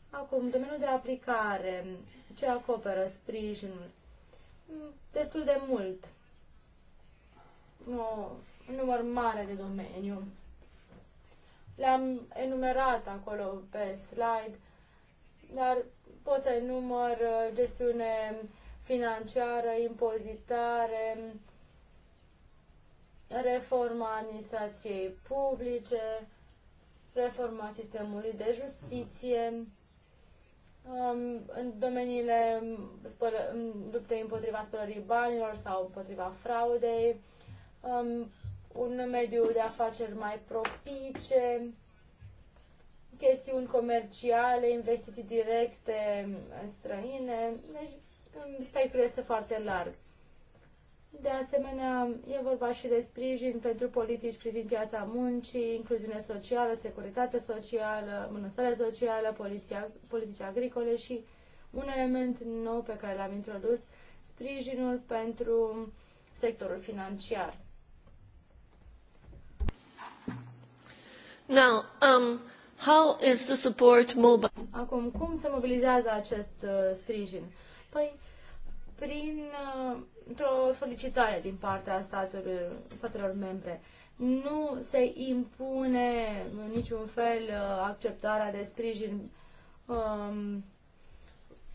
Acum, domeniul de aplicare, ce acoperă sprijinul? Mm, destul de mult. O, un număr mare de domeniu. Le-am enumerat acolo pe slide, dar pot să enumăr uh, gestiune financiară, impozitare, reforma administrației publice, reforma sistemului de justiție, um, în domeniile luptei împotriva spălării banilor sau împotriva fraudei, um, un mediu de afaceri mai propice, chestiuni comerciale, investiții directe străine. Deci, um, spectrul este foarte larg. De asemenea, e vorba și de sprijin pentru politici privind piața muncii, incluziune socială, securitate socială, bunăstare socială, poliția, politici agricole și un element nou pe care l-am introdus, sprijinul pentru sectorul financiar. Now, um, how is the support mobile? Acum, cum se mobilizează acest uh, sprijin? Păi, prin uh, într-o solicitare din partea statelor, statelor membre. Nu se impune în niciun fel uh, acceptarea de sprijin um,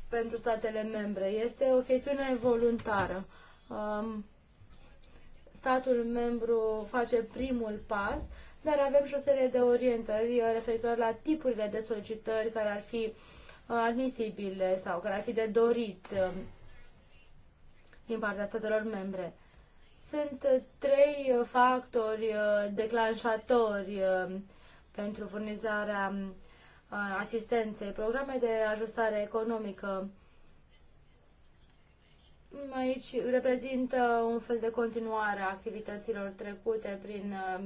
pentru statele membre. Este o chestiune voluntară. Um, statul membru face primul pas, dar avem și o serie de orientări uh, referitoare la tipurile de solicitări care ar fi uh, admisibile sau care ar fi de dorit um, din partea statelor membre. Sunt trei factori uh, declanșatori uh, pentru furnizarea uh, asistenței, programe de ajustare economică. Aici reprezintă un fel de continuare a activităților trecute prin um,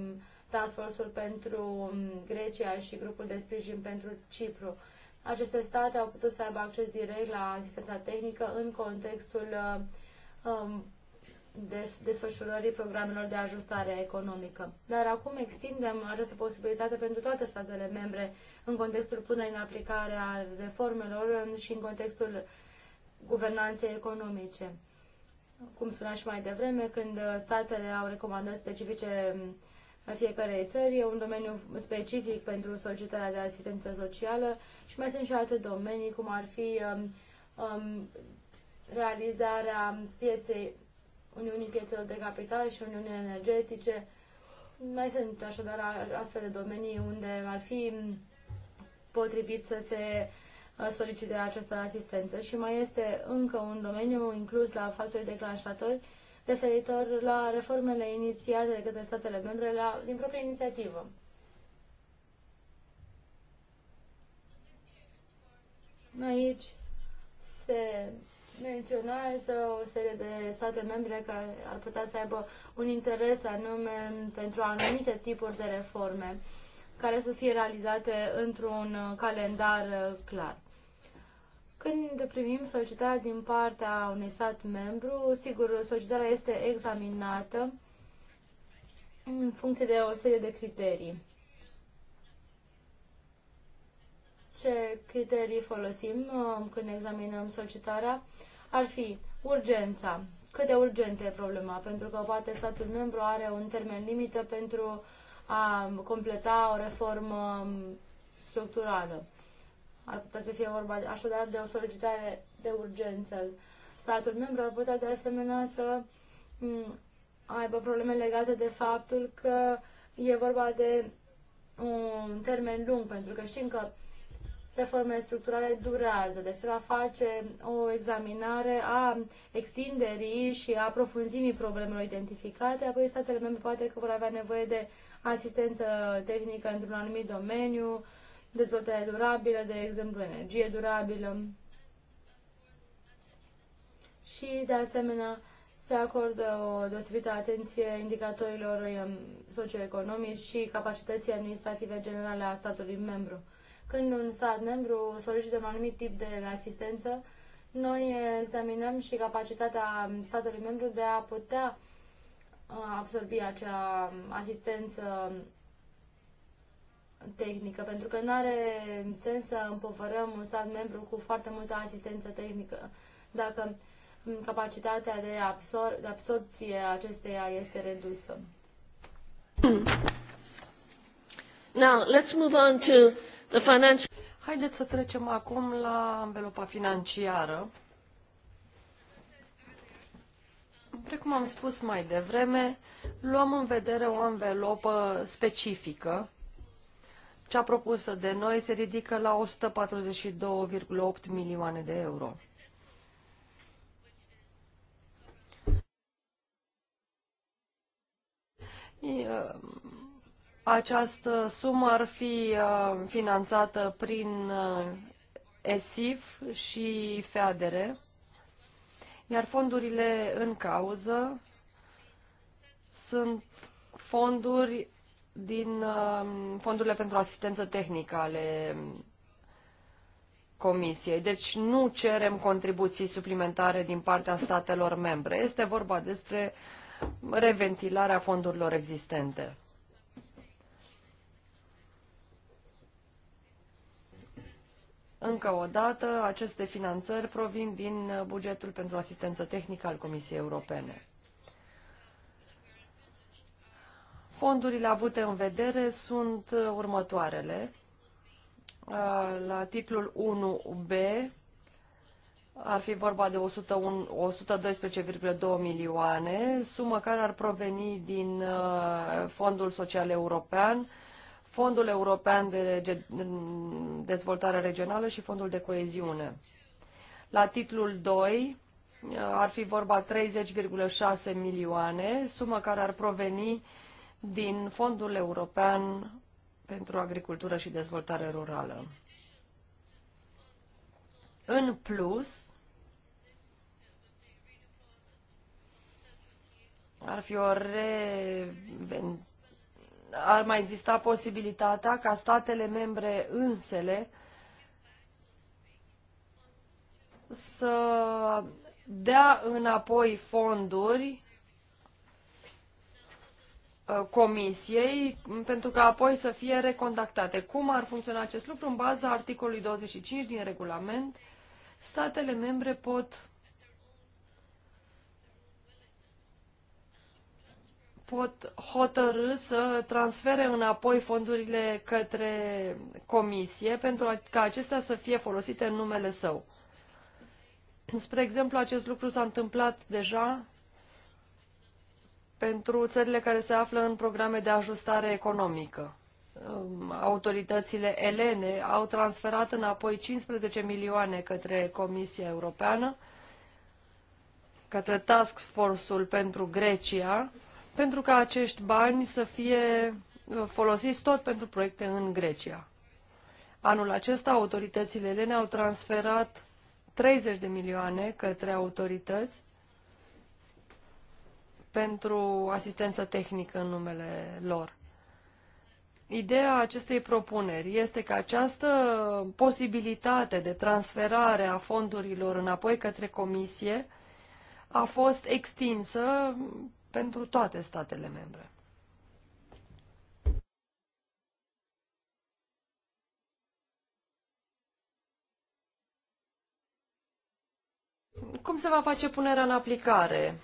Task force pentru um, Grecia și grupul de sprijin pentru Cipru. Aceste state au putut să aibă acces direct la asistența tehnică în contextul uh, um, de desfășurării programelor de ajustare economică. Dar acum extindem această posibilitate pentru toate statele membre în contextul punerii în aplicare a reformelor și în contextul guvernanței economice. Cum spuneam și mai devreme, când statele au recomandări specifice um, fiecarei țări, e un domeniu specific pentru solicitarea de asistență socială și mai sunt și alte domenii, cum ar fi um, um realizarea pieței Uniunii Piețelor de Capital și Uniunii Energetice. Mai sunt așadar astfel de domenii unde ar fi potrivit să se uh, solicite această asistență și mai este încă un domeniu inclus la factorii declanșatori referitor la reformele inițiate de către statele membre la, din proprie inițiativă. Aici se menționează o serie de state membre care ar putea să aibă un interes anume pentru anumite tipuri de reforme care să fie realizate într-un calendar clar. Când primim solicitarea din partea unui stat membru, sigur, solicitarea este examinată în funcție de o serie de criterii. ce criterii folosim uh, când examinăm solicitarea ar fi urgența. Cât de urgentă e problema? Pentru că poate statul membru are un termen limită pentru a completa o reformă um, structurală. Ar putea să fie vorba așadar de o solicitare de urgență. Statul membru ar putea de asemenea să mm, aibă probleme legate de faptul că e vorba de un termen lung, pentru că știm că reformele structurale durează, deci se va face o examinare a extinderii și a profunzimii problemelor identificate, apoi statele membre poate că vor avea nevoie de asistență tehnică într-un anumit domeniu, dezvoltare durabilă, de exemplu energie durabilă. Și, de asemenea, se acordă o deosebită atenție indicatorilor um, socioeconomici și capacității administrative generale a statului membru. Când un stat membru solicită un anumit tip de asistență, noi examinăm și capacitatea statului membru de a putea uh, absorbi acea asistență tehnică, pentru că nu are sens să împovărăm un stat membru cu foarte multă asistență tehnică dacă um, capacitatea de, absor- de absorpție acesteia este redusă. Now, let's move on to Haideți să trecem acum la învelopa financiară. Precum am spus mai devreme, luăm în vedere o învelopă specifică. Cea propusă de noi se ridică la 142,8 milioane de euro. Această sumă ar fi uh, finanțată prin ESIF uh, și FEADER, iar fondurile în cauză sunt fonduri din uh, fondurile pentru asistență tehnică ale Comisiei. Deci nu cerem contribuții suplimentare din partea statelor membre. Este vorba despre reventilarea fondurilor existente. Încă o dată, aceste finanțări provin din bugetul pentru asistență tehnică al Comisiei Europene. Fondurile avute în vedere sunt următoarele. La titlul 1B ar fi vorba de 112,2 milioane, sumă care ar proveni din Fondul Social European, Fondul European de Dezvoltare Regională și Fondul de Coeziune. La titlul 2 uh, ar fi vorba 30,6 milioane, sumă care ar proveni din Fondul European pentru Agricultură și Dezvoltare Rurală. În plus, ar fi o re ar mai exista posibilitatea ca statele membre însele să dea înapoi fonduri ă, comisiei pentru că apoi să fie recontactate. Cum ar funcționa acest lucru? În baza articolului 25 din regulament, statele membre pot pot hotărâ să transfere înapoi fondurile către comisie pentru ca acestea să fie folosite în numele său. Spre exemplu, acest lucru s-a întâmplat deja pentru țările care se află în programe de ajustare economică. Um, autoritățile elene au transferat înapoi 15 milioane către Comisia Europeană, către Task Force-ul pentru Grecia, pentru ca acești bani să fie uh, folosiți tot pentru proiecte în Grecia. Anul acesta, autoritățile elene au transferat 30 de milioane către autorități pentru asistență tehnică în numele lor. Ideea acestei propuneri este că această posibilitate de transferare a fondurilor înapoi către comisie a fost extinsă pentru toate statele membre. Cum se va face punerea în aplicare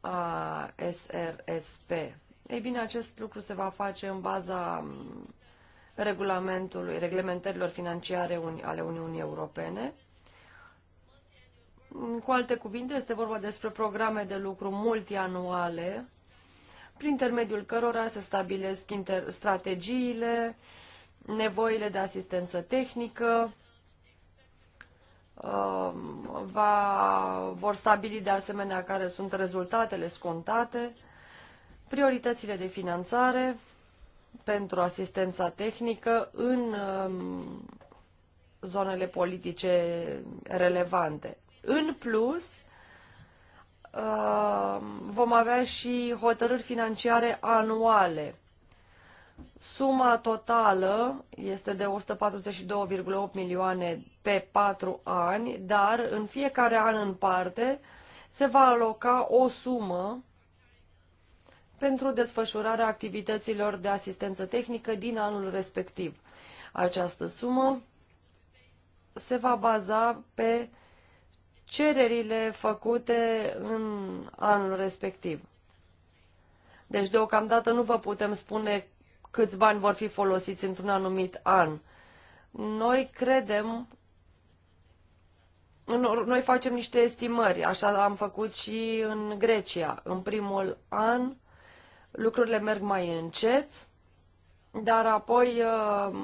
a SRSP? Ei bine, acest lucru se va face în baza regulamentului, reglementărilor financiare ale Uniunii Europene, cu alte cuvinte, este vorba despre programe de lucru multianuale, prin intermediul cărora se stabilesc strategiile, nevoile de asistență tehnică, uh, va, vor stabili de asemenea care sunt rezultatele scontate, prioritățile de finanțare pentru asistența tehnică în um, zonele politice relevante. În plus, uh, vom avea și hotărâri financiare anuale. Suma totală este de 142,8 milioane pe 4 ani, dar în fiecare an în parte se va aloca o sumă pentru desfășurarea activităților de asistență tehnică din anul respectiv. Această sumă se va baza pe cererile făcute în anul respectiv. Deci, deocamdată, nu vă putem spune câți bani vor fi folosiți într-un anumit an. Noi credem, noi facem niște estimări, așa am făcut și în Grecia. În primul an lucrurile merg mai încet, dar apoi uh,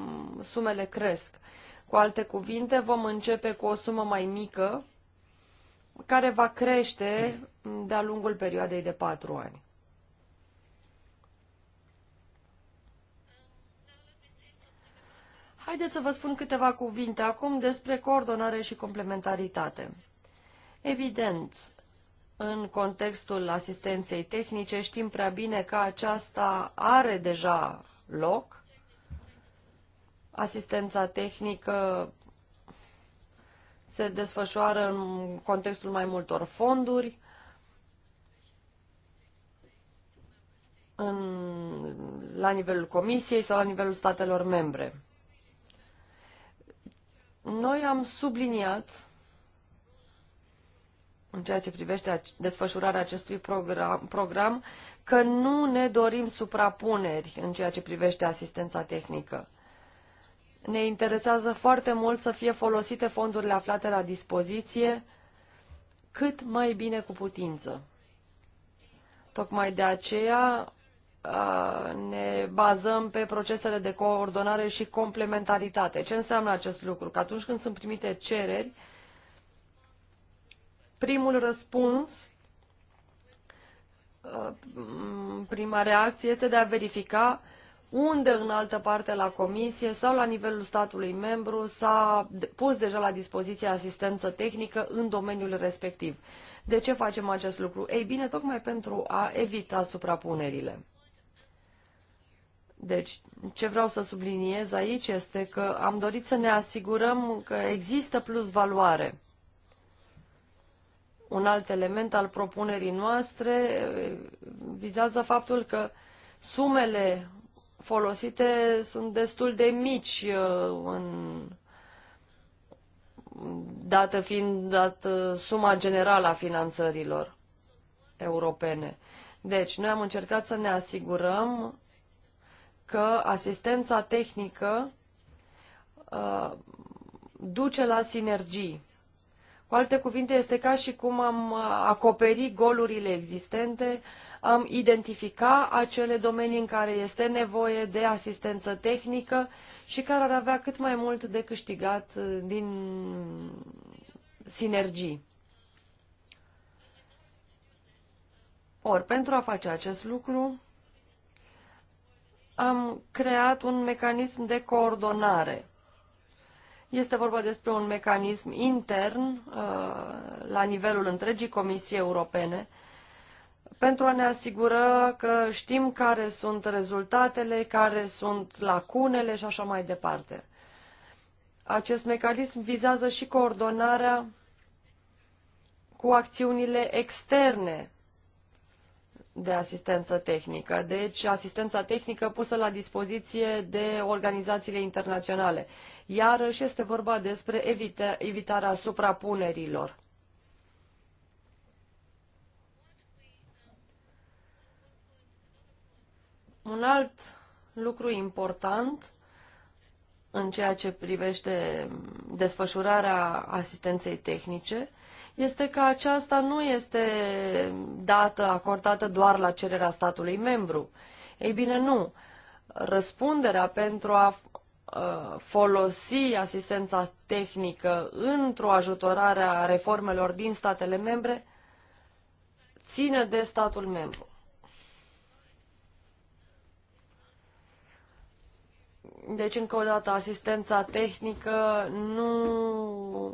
sumele cresc. Cu alte cuvinte, vom începe cu o sumă mai mică care va crește de-a lungul perioadei de patru ani. Haideți să vă spun câteva cuvinte acum despre coordonare și complementaritate. Evident, în contextul asistenței tehnice știm prea bine că aceasta are deja loc. Asistența tehnică se desfășoară în contextul mai multor fonduri, în, la nivelul Comisiei sau la nivelul statelor membre. Noi am subliniat în ceea ce privește desfășurarea acestui program, program, că nu ne dorim suprapuneri în ceea ce privește asistența tehnică. Ne interesează foarte mult să fie folosite fondurile aflate la dispoziție cât mai bine cu putință. Tocmai de aceea ne bazăm pe procesele de coordonare și complementaritate. Ce înseamnă acest lucru? Că atunci când sunt primite cereri, primul răspuns, prima reacție este de a verifica unde în altă parte la comisie sau la nivelul statului membru s-a pus deja la dispoziție asistență tehnică în domeniul respectiv. De ce facem acest lucru? Ei bine, tocmai pentru a evita suprapunerile. Deci, ce vreau să subliniez aici este că am dorit să ne asigurăm că există plus valoare. Un alt element al propunerii noastre eh, vizează faptul că sumele folosite sunt destul de mici uh, în dată fiind dat uh, suma generală a finanțărilor europene. Deci, noi am încercat să ne asigurăm că asistența tehnică uh, duce la sinergii. Cu alte cuvinte, este ca și cum am uh, acoperi golurile existente am identifica acele domenii în care este nevoie de asistență tehnică și care ar avea cât mai mult de câștigat uh, din sinergii. Ori, pentru a face acest lucru, am creat un mecanism de coordonare. Este vorba despre un mecanism intern uh, la nivelul întregii Comisii Europene pentru a ne asigura că știm care sunt rezultatele, care sunt lacunele și așa mai departe. Acest mecanism vizează și coordonarea cu acțiunile externe de asistență tehnică, deci asistența tehnică pusă la dispoziție de organizațiile internaționale. Iarăși este vorba despre evita evitarea suprapunerilor. Un alt lucru important în ceea ce privește desfășurarea asistenței tehnice este că aceasta nu este dată, acordată doar la cererea statului membru. Ei bine, nu. Răspunderea pentru a ă, folosi asistența tehnică într-o ajutorare a reformelor din statele membre ține de statul membru. Deci, încă o dată, asistența tehnică nu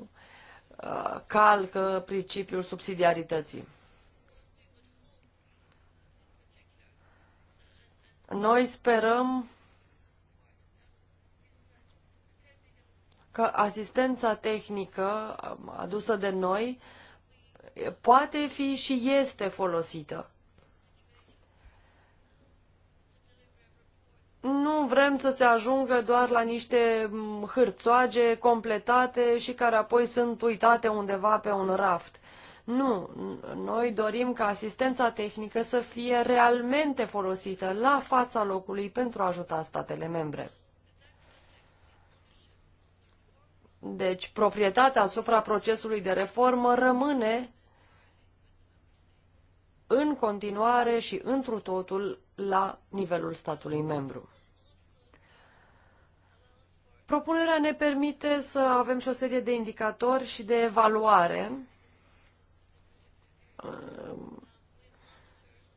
uh, calcă principiul subsidiarității. Noi sperăm că asistența tehnică uh, adusă de noi poate fi și este folosită. Nu vrem să se ajungă doar la niște mm, hârțoage completate și care apoi sunt uitate undeva pe un raft. Nu, noi dorim ca asistența tehnică să fie realmente folosită la fața locului pentru a ajuta statele membre. Deci, proprietatea asupra procesului de reformă rămâne în continuare și întru totul la nivelul statului membru. Propunerea ne permite să avem și o serie de indicatori și de evaluare.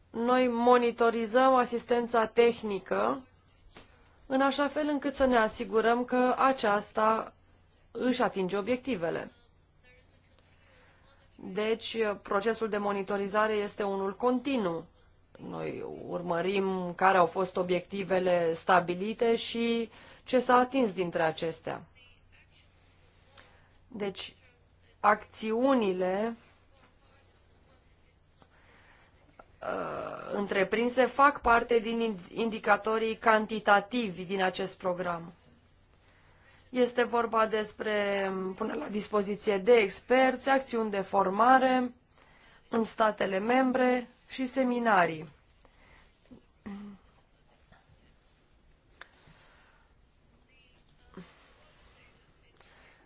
Noi monitorizăm asistența tehnică în așa fel încât să ne asigurăm că aceasta își atinge obiectivele. Deci, procesul de monitorizare este unul continuu. Noi urmărim care au fost obiectivele stabilite și ce s-a atins dintre acestea. Deci, acțiunile uh, întreprinse fac parte din indicatorii cantitativi din acest program. Este vorba despre um, pune la dispoziție de experți, acțiuni de formare în statele membre, și seminarii.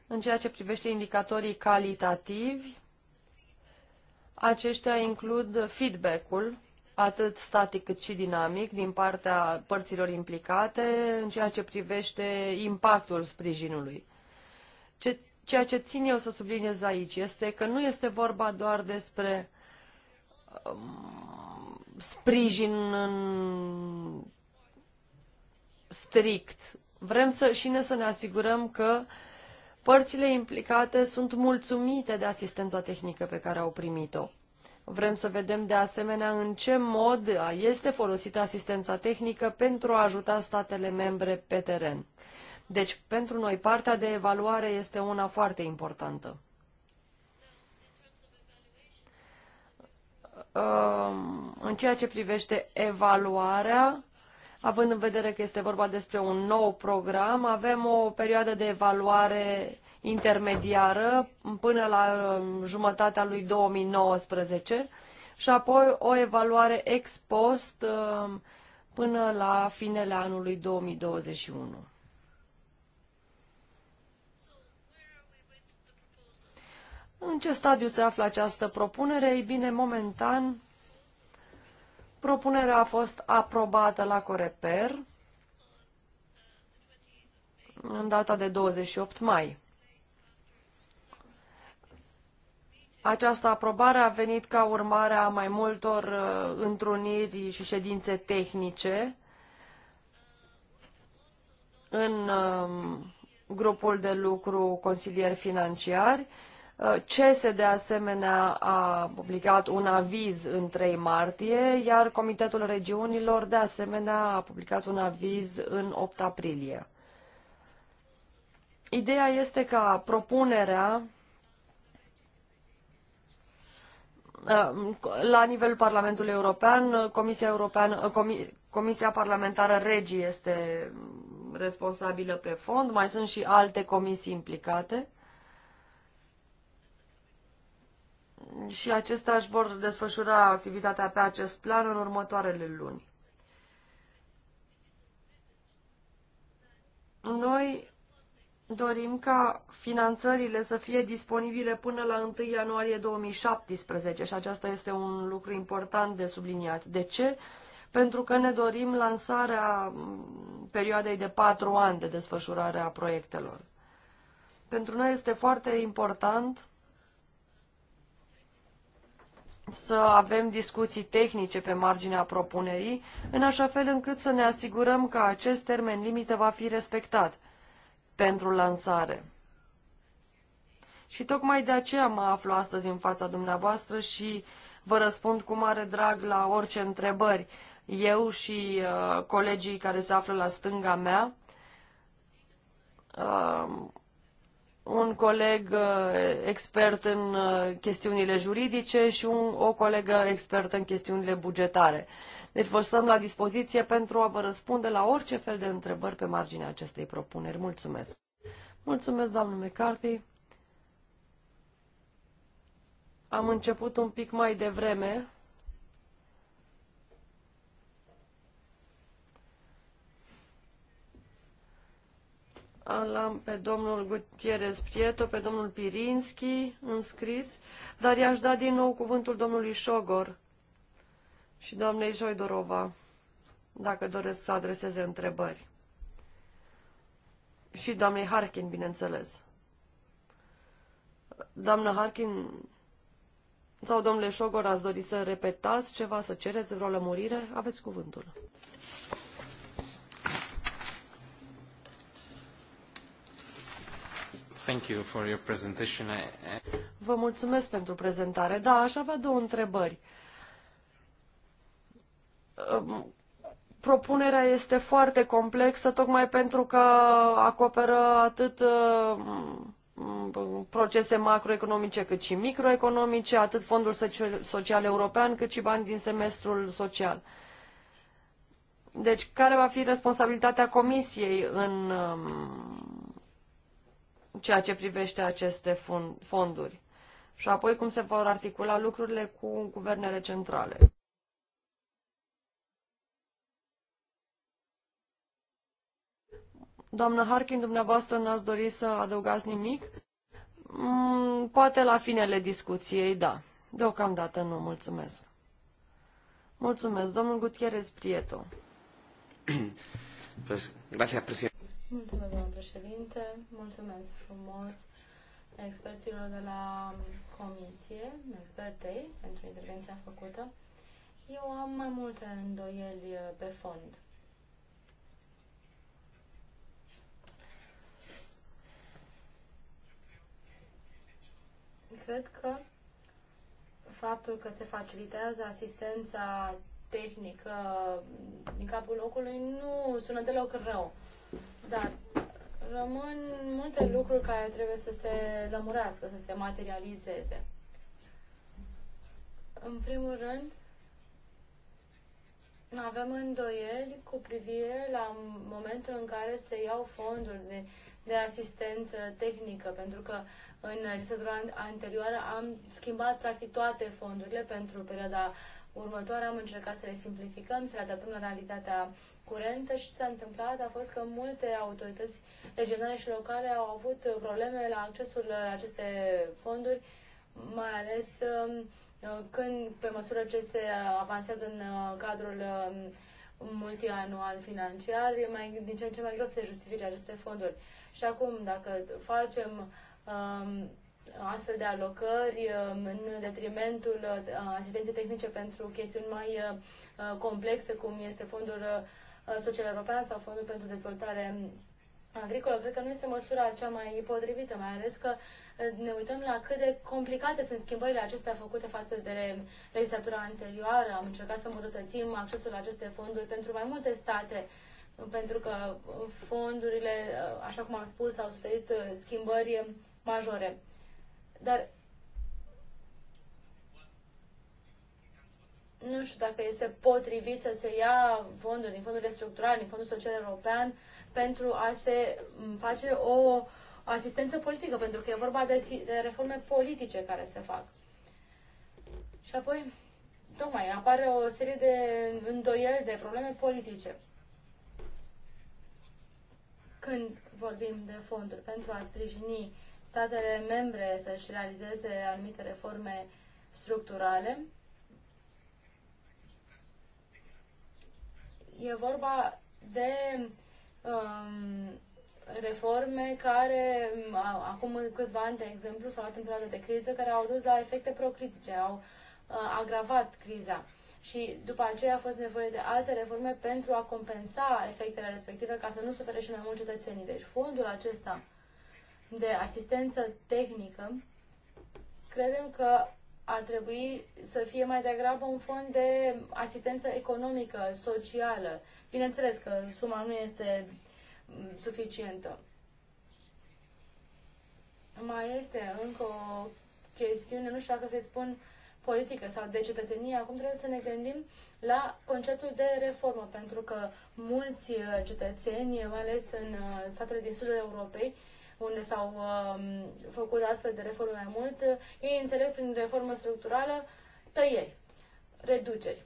În ceea ce privește indicatorii calitativi, aceștia includ feedback-ul, atât static cât și dinamic, din partea părților implicate, în ceea ce privește impactul sprijinului. Ce, ceea ce țin eu să subliniez aici este că nu este vorba doar despre sprijin strict. Vrem să, și ne să ne asigurăm că părțile implicate sunt mulțumite de asistența tehnică pe care au primit-o. Vrem să vedem de asemenea în ce mod este folosită asistența tehnică pentru a ajuta statele membre pe teren. Deci, pentru noi, partea de evaluare este una foarte importantă. Um, în ceea ce privește evaluarea, având în vedere că este vorba despre un nou program, avem o perioadă de evaluare intermediară până la um, jumătatea lui 2019 și apoi o evaluare ex post um, până la finele anului 2021. În ce stadiu se află această propunere? Ei bine, momentan, propunerea a fost aprobată la Coreper în data de 28 mai. Această aprobare a venit ca urmare a mai multor uh, întruniri și ședințe tehnice în um, grupul de lucru consilieri financiari Uh, CESE, de asemenea, a publicat un aviz în 3 martie, iar Comitetul Regiunilor, de asemenea, a publicat un aviz în 8 aprilie. Ideea este ca propunerea uh, la nivelul Parlamentului European, Comisia, European, uh, Comisia Parlamentară Regii este responsabilă pe fond, mai sunt și alte comisii implicate. și acestea își vor desfășura activitatea pe acest plan în următoarele luni. Noi dorim ca finanțările să fie disponibile până la 1 ianuarie 2017 și aceasta este un lucru important de subliniat. De ce? Pentru că ne dorim lansarea mm, perioadei de patru ani de desfășurare a proiectelor. Pentru noi este foarte important să avem discuții tehnice pe marginea propunerii, în așa fel încât să ne asigurăm că acest termen limită va fi respectat pentru lansare. Și tocmai de aceea mă aflu astăzi în fața dumneavoastră și vă răspund cu mare drag la orice întrebări. Eu și uh, colegii care se află la stânga mea uh, un coleg uh, expert în uh, chestiunile juridice și un, o colegă expertă în chestiunile bugetare. Deci vă stăm la dispoziție pentru a vă răspunde la orice fel de întrebări pe marginea acestei propuneri. Mulțumesc! Mulțumesc, doamnă McCarthy! Am început un pic mai devreme Îl am pe domnul Gutierrez Prieto, pe domnul Pirinski înscris, dar i-aș da din nou cuvântul domnului Șogor și doamnei Joidorova, dacă doresc să adreseze întrebări. Și doamnei Harkin, bineînțeles. Doamna Harkin, sau domnule Șogor, ați dori să repetați ceva, să cereți vreo lămurire? Aveți cuvântul. thank you for your presentation. Vă mulțumesc pentru prezentare. Da, aș avea două întrebări. Propunerea este foarte complexă, tocmai pentru că acoperă atât uh, procese macroeconomice cât și microeconomice, atât Fondul Social European cât și bani din semestrul social. Deci, care va fi responsabilitatea Comisiei în um, ceea ce privește aceste fonduri și apoi cum se vor articula lucrurile cu guvernele centrale. Doamna Harkin, dumneavoastră n-ați dori să adăugați nimic? Mm, poate la finele discuției, da. Deocamdată nu, mulțumesc. Mulțumesc, domnul Gutierrez Prieto. Pues, gracias, Mulțumesc, doamnă președinte. Mulțumesc frumos experților de la comisie, expertei, pentru intervenția făcută. Eu am mai multe îndoieli pe fond. Cred că faptul că se facilitează asistența tehnică din capul locului nu sună deloc rău. Uh, dar rămân multe lucruri care trebuie să se lămurească, să se materializeze. În primul rând, avem îndoieli cu privire la momentul în care se iau fonduri de, de asistență tehnică, pentru că în legislatura anterioară am schimbat practic toate fondurile pentru perioada următoare am încercat să le simplificăm, să le adaptăm la realitatea curentă și s-a întâmplat a fost că multe autorități regionale și locale au avut probleme la accesul la aceste fonduri, mai ales um, când, pe măsură ce se avansează în uh, cadrul um, multianual financiar, e mai, din ce în ce mai greu să se justifice aceste fonduri. Și acum, dacă facem um, astfel de alocări um, în detrimentul uh, asistenței tehnice pentru chestiuni mai uh, uh, complexe, cum este Fondul Social European sau Fondul pentru Dezvoltare um, Agricolă. Cred că nu este măsura cea mai potrivită, mai ales că ne uităm la cât de complicate sunt schimbările acestea făcute față de legislatura anterioară. Am încercat să îmbunătățim accesul la aceste fonduri pentru mai multe state pentru că fondurile, așa cum am spus, au suferit schimbări majore. Dar nu știu dacă este potrivit să se ia fonduri din fondurile structurale, din fondul social european, pentru a se face o asistență politică, pentru că e vorba de, de reforme politice care se fac. Și apoi, tocmai, apare o serie de îndoieli, de probleme politice. Când vorbim de fonduri pentru a sprijini statele membre să-și realizeze anumite reforme structurale. E vorba de um, reforme care, um, acum câțiva ani, de exemplu, s-au întâmplat de criză, care au dus la efecte proclitice, au uh, agravat criza. Și după aceea a fost nevoie de alte reforme pentru a compensa efectele respective, ca să nu sufere și mai mult cetățenii. Deci fondul acesta de asistență tehnică, credem că ar trebui să fie mai degrabă un fond de asistență economică, socială. Bineînțeles că suma nu este mm, suficientă. Mai este încă o chestiune, nu știu dacă să-i spun politică sau de cetățenie, acum trebuie să ne gândim la conceptul de reformă, pentru că mulți uh, cetățeni, mai ales în uh, statele din sudul Europei, unde s-au um, făcut astfel de reforme mai mult, ei înțeleg prin reformă structurală tăieri, reduceri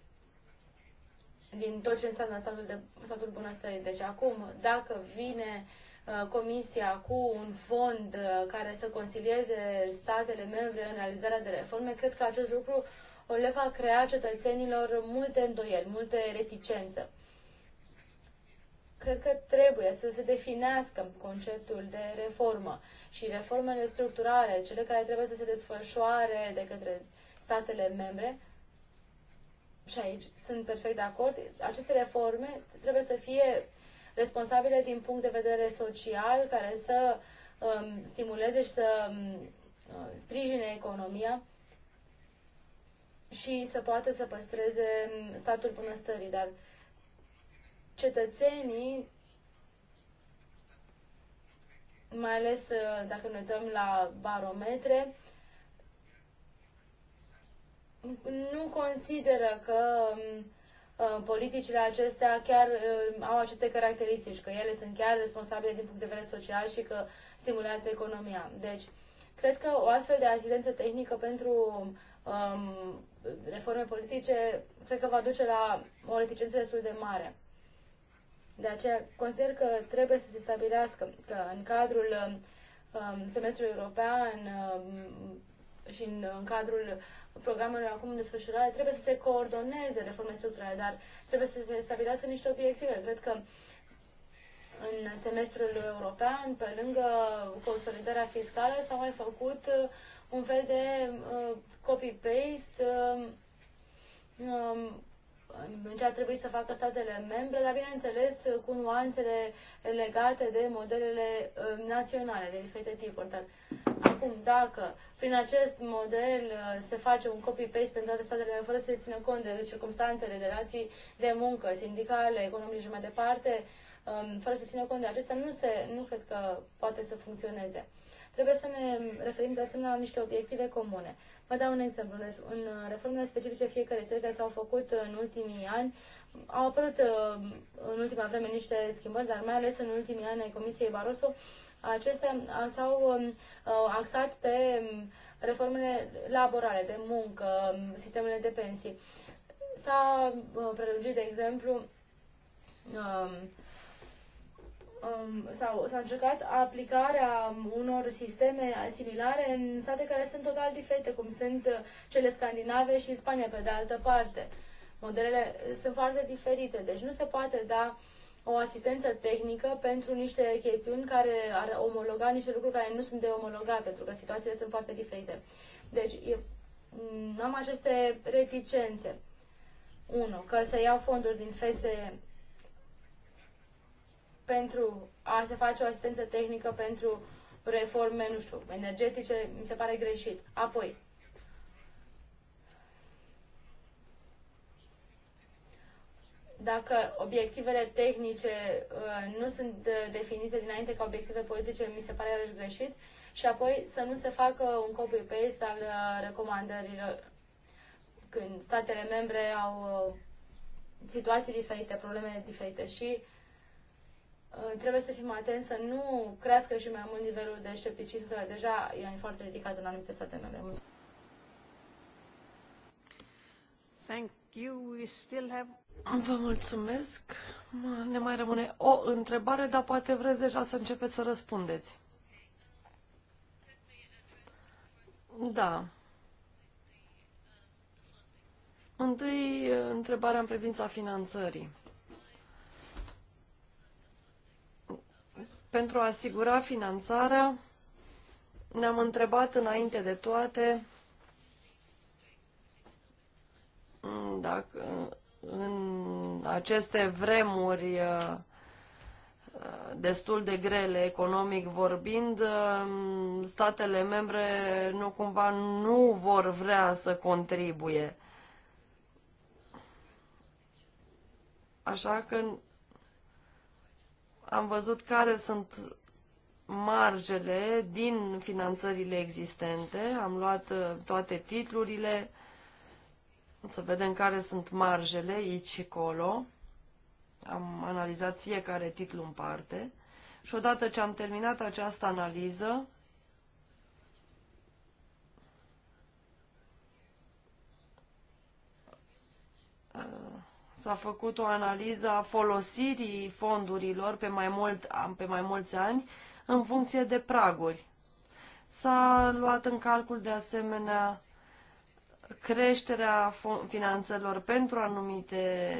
din tot ce înseamnă statul, de, statul bunăstării. Deci acum, dacă vine uh, Comisia cu un fond uh, care să consilieze statele membre în realizarea de reforme, cred că acest lucru le va crea cetățenilor multe îndoieli, multe reticență. Cred că trebuie să se definească conceptul de reformă și reformele structurale, cele care trebuie să se desfășoare de către statele membre, și aici sunt perfect de acord, aceste reforme trebuie să fie responsabile din punct de vedere social, care să um, stimuleze și să um, sprijine economia și să poată să păstreze um, statul bunăstării. Dar uh, cetățenii, mai ales uh, dacă ne uităm la barometre, nu consideră că um, uh, politicile acestea chiar uh, au aceste caracteristici, că ele sunt chiar responsabile din punct de vedere social și că stimulează economia. Deci, cred că o astfel de asistență tehnică pentru um, reforme politice, cred că va duce la o reticență destul de mare. De aceea consider că trebuie să se stabilească că în cadrul um, semestrului european um, și în, în cadrul programelor acum în desfășurare, trebuie să se coordoneze reforme structurale, dar trebuie să se stabilească niște obiective. Cred că în semestrul european, pe lângă consolidarea fiscală, s-a mai făcut uh, un fel de uh, copy-paste uh, în ce ar trebui să facă statele membre, dar bineînțeles cu nuanțele legate de modelele uh, naționale de diferite tipuri. Dar acum, dacă prin acest model uh, se face un copy-paste în toate statele fără să se țină cont de circunstanțele, de relații de muncă, sindicale, economice și mai departe, um, fără să țină cont de acestea, nu, se, nu cred că poate să funcționeze. Trebuie să ne referim de asemenea la niște obiective comune. Vă dau un exemplu. În uh, reformele specifice fiecare țări care s-au făcut uh, în ultimii ani, au apărut uh, în ultima vreme niște schimbări, dar mai ales în ultimii ani ai Comisiei Barroso, acestea s-au um, axat pe um, reformele laborale, de muncă, um, sistemele de pensii. S-a prelungit, de exemplu, Um, sau s-a încercat aplicarea unor sisteme similare în state care sunt total diferite, cum sunt uh, cele scandinave și Spania, pe de altă parte. Modelele sunt foarte diferite, deci nu se poate da o asistență tehnică pentru niște chestiuni care ar omologa niște lucruri care nu sunt de omologat, pentru că situațiile sunt foarte diferite. Deci mm, am aceste reticențe. 1. Că să iau fonduri din FSE pentru a se face o asistență tehnică pentru reforme, nu știu, energetice, mi se pare greșit. Apoi, dacă obiectivele tehnice uh, nu sunt uh, definite dinainte ca obiective politice, mi se pare iarăși greșit, și apoi să nu se facă un copy-paste al uh, recomandărilor când statele membre au uh, situații diferite, probleme diferite și Uh, trebuie să fim atenți să nu crească și mai mult nivelul de scepticism, care deja e foarte ridicat în anumite state membre. Mulțumesc. Thank you. We still have... Vă mulțumesc. Ne mai rămâne o întrebare, dar poate vreți deja să începeți să răspundeți. Da. Întâi, întrebarea în privința finanțării. Pentru a asigura finanțarea, ne-am întrebat înainte de toate dacă în aceste vremuri uh, destul de grele economic vorbind, uh, statele membre nu cumva nu vor vrea să contribuie. Așa că am văzut care sunt marjele din finanțările existente, am luat uh, toate titlurile, să vedem care sunt marjele aici și acolo. Am analizat fiecare titlu în parte și odată ce am terminat această analiză, uh, S-a făcut o analiză a folosirii fondurilor pe mai, mult, pe mai mulți ani în funcție de praguri. S-a luat în calcul de asemenea creșterea finanțelor pentru anumite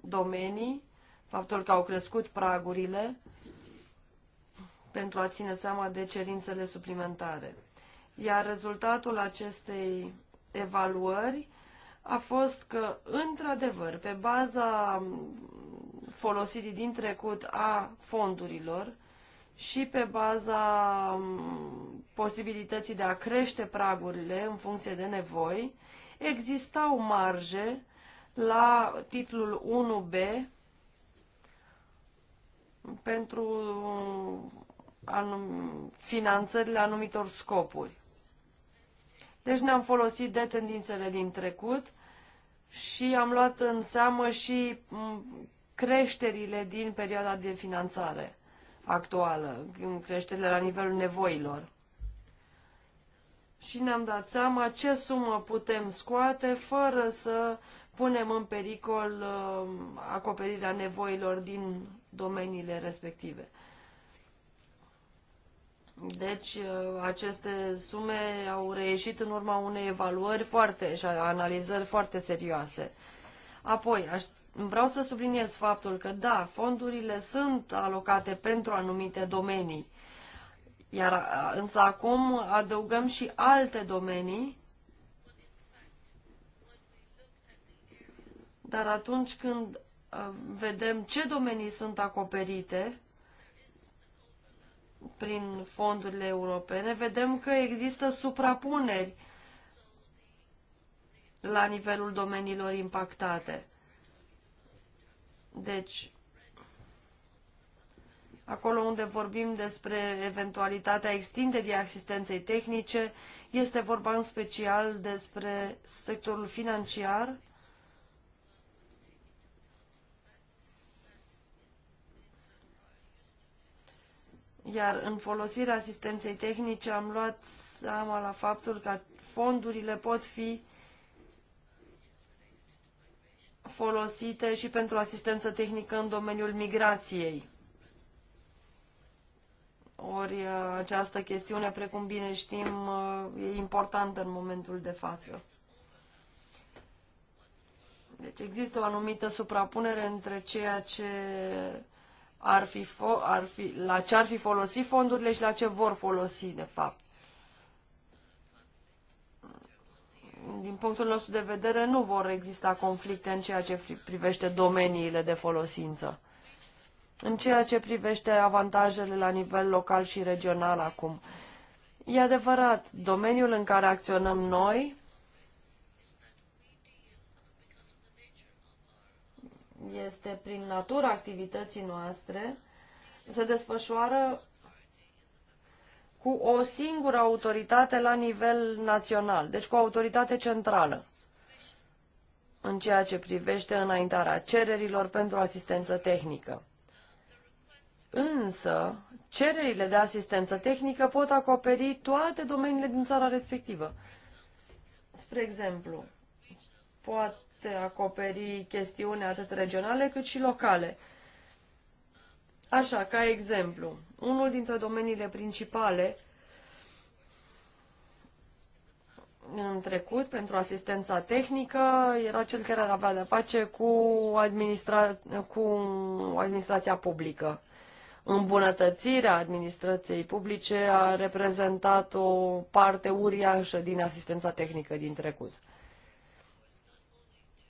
domenii, faptul că au crescut pragurile pentru a ține seama de cerințele suplimentare. Iar rezultatul acestei evaluări a fost că, într-adevăr, pe baza folosirii din trecut a fondurilor și pe baza posibilității de a crește pragurile în funcție de nevoi, existau marje la titlul 1B pentru anum, finanțările anumitor scopuri. Deci ne-am folosit de tendințele din trecut și am luat în seamă și creșterile din perioada de finanțare actuală, creșterile la nivelul nevoilor. Și ne-am dat seama ce sumă putem scoate fără să punem în pericol uh, acoperirea nevoilor din domeniile respective. Deci, uh, aceste sume au reieșit în urma unei evaluări foarte și analizări foarte serioase. Apoi, aș, vreau să subliniez faptul că, da, fondurile sunt alocate pentru anumite domenii, iar uh, însă acum adăugăm și alte domenii, dar atunci când uh, vedem ce domenii sunt acoperite, prin fondurile europene, vedem că există suprapuneri la nivelul domeniilor impactate. Deci, acolo unde vorbim despre eventualitatea extinderii asistenței tehnice, este vorba în special despre sectorul financiar Iar în folosirea asistenței tehnice am luat seama la faptul că fondurile pot fi folosite și pentru asistență tehnică în domeniul migrației. Ori uh, această chestiune, precum bine știm, uh, e importantă în momentul de față. Deci există o anumită suprapunere între ceea ce ar fi, ar fi, la ce ar fi folosit fondurile și la ce vor folosi, de fapt. Din punctul nostru de vedere, nu vor exista conflicte în ceea ce privește domeniile de folosință. În ceea ce privește avantajele la nivel local și regional acum. E adevărat, domeniul în care acționăm noi este prin natura activității noastre, se desfășoară cu o singură autoritate la nivel național, deci cu o autoritate centrală în ceea ce privește înaintarea cererilor pentru asistență tehnică. Însă, cererile de asistență tehnică pot acoperi toate domeniile din țara respectivă. Spre exemplu, poate poate acoperi chestiuni atât regionale cât și locale. Așa, ca exemplu, unul dintre domeniile principale în trecut pentru asistența tehnică era cel care avea de face cu, administra- cu administrația publică. Îmbunătățirea administrației publice a reprezentat o parte uriașă din asistența tehnică din trecut.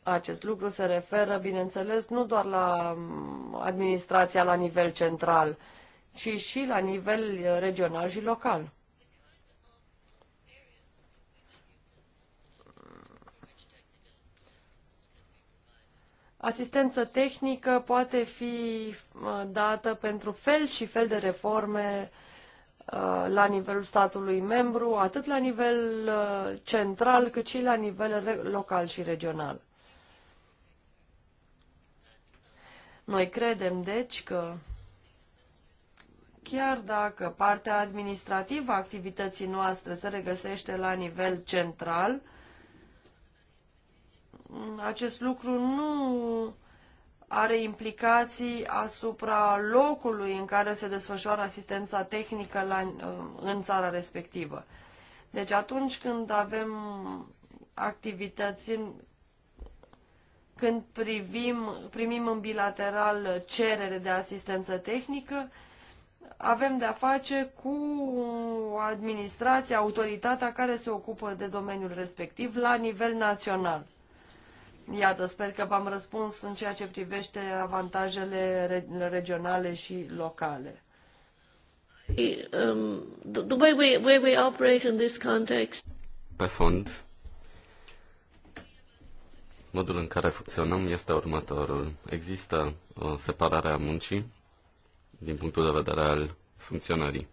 Acest lucru se referă, bineînțeles, nu doar la mm, administrația la nivel central, ci și la nivel regional și local. Asistență tehnică poate fi dată pentru fel și fel de reforme ă, la nivelul statului membru, atât la nivel ă, central, cât și la nivel local și regional. Noi credem, deci, că chiar dacă partea administrativă a activității noastre se regăsește la nivel central, acest lucru nu are implicații asupra locului în care se desfășoară asistența tehnică la, în țara respectivă. Deci atunci când avem activități când privim, primim în bilateral cerere de asistență tehnică, avem de-a face cu administrația, autoritatea care se ocupă de domeniul respectiv la nivel național. Iată, sper că v-am răspuns în ceea ce privește avantajele regionale și locale. Pe fond, Modul în care funcționăm este următorul. Există o uh, separare a muncii din punctul de vedere al funcționării.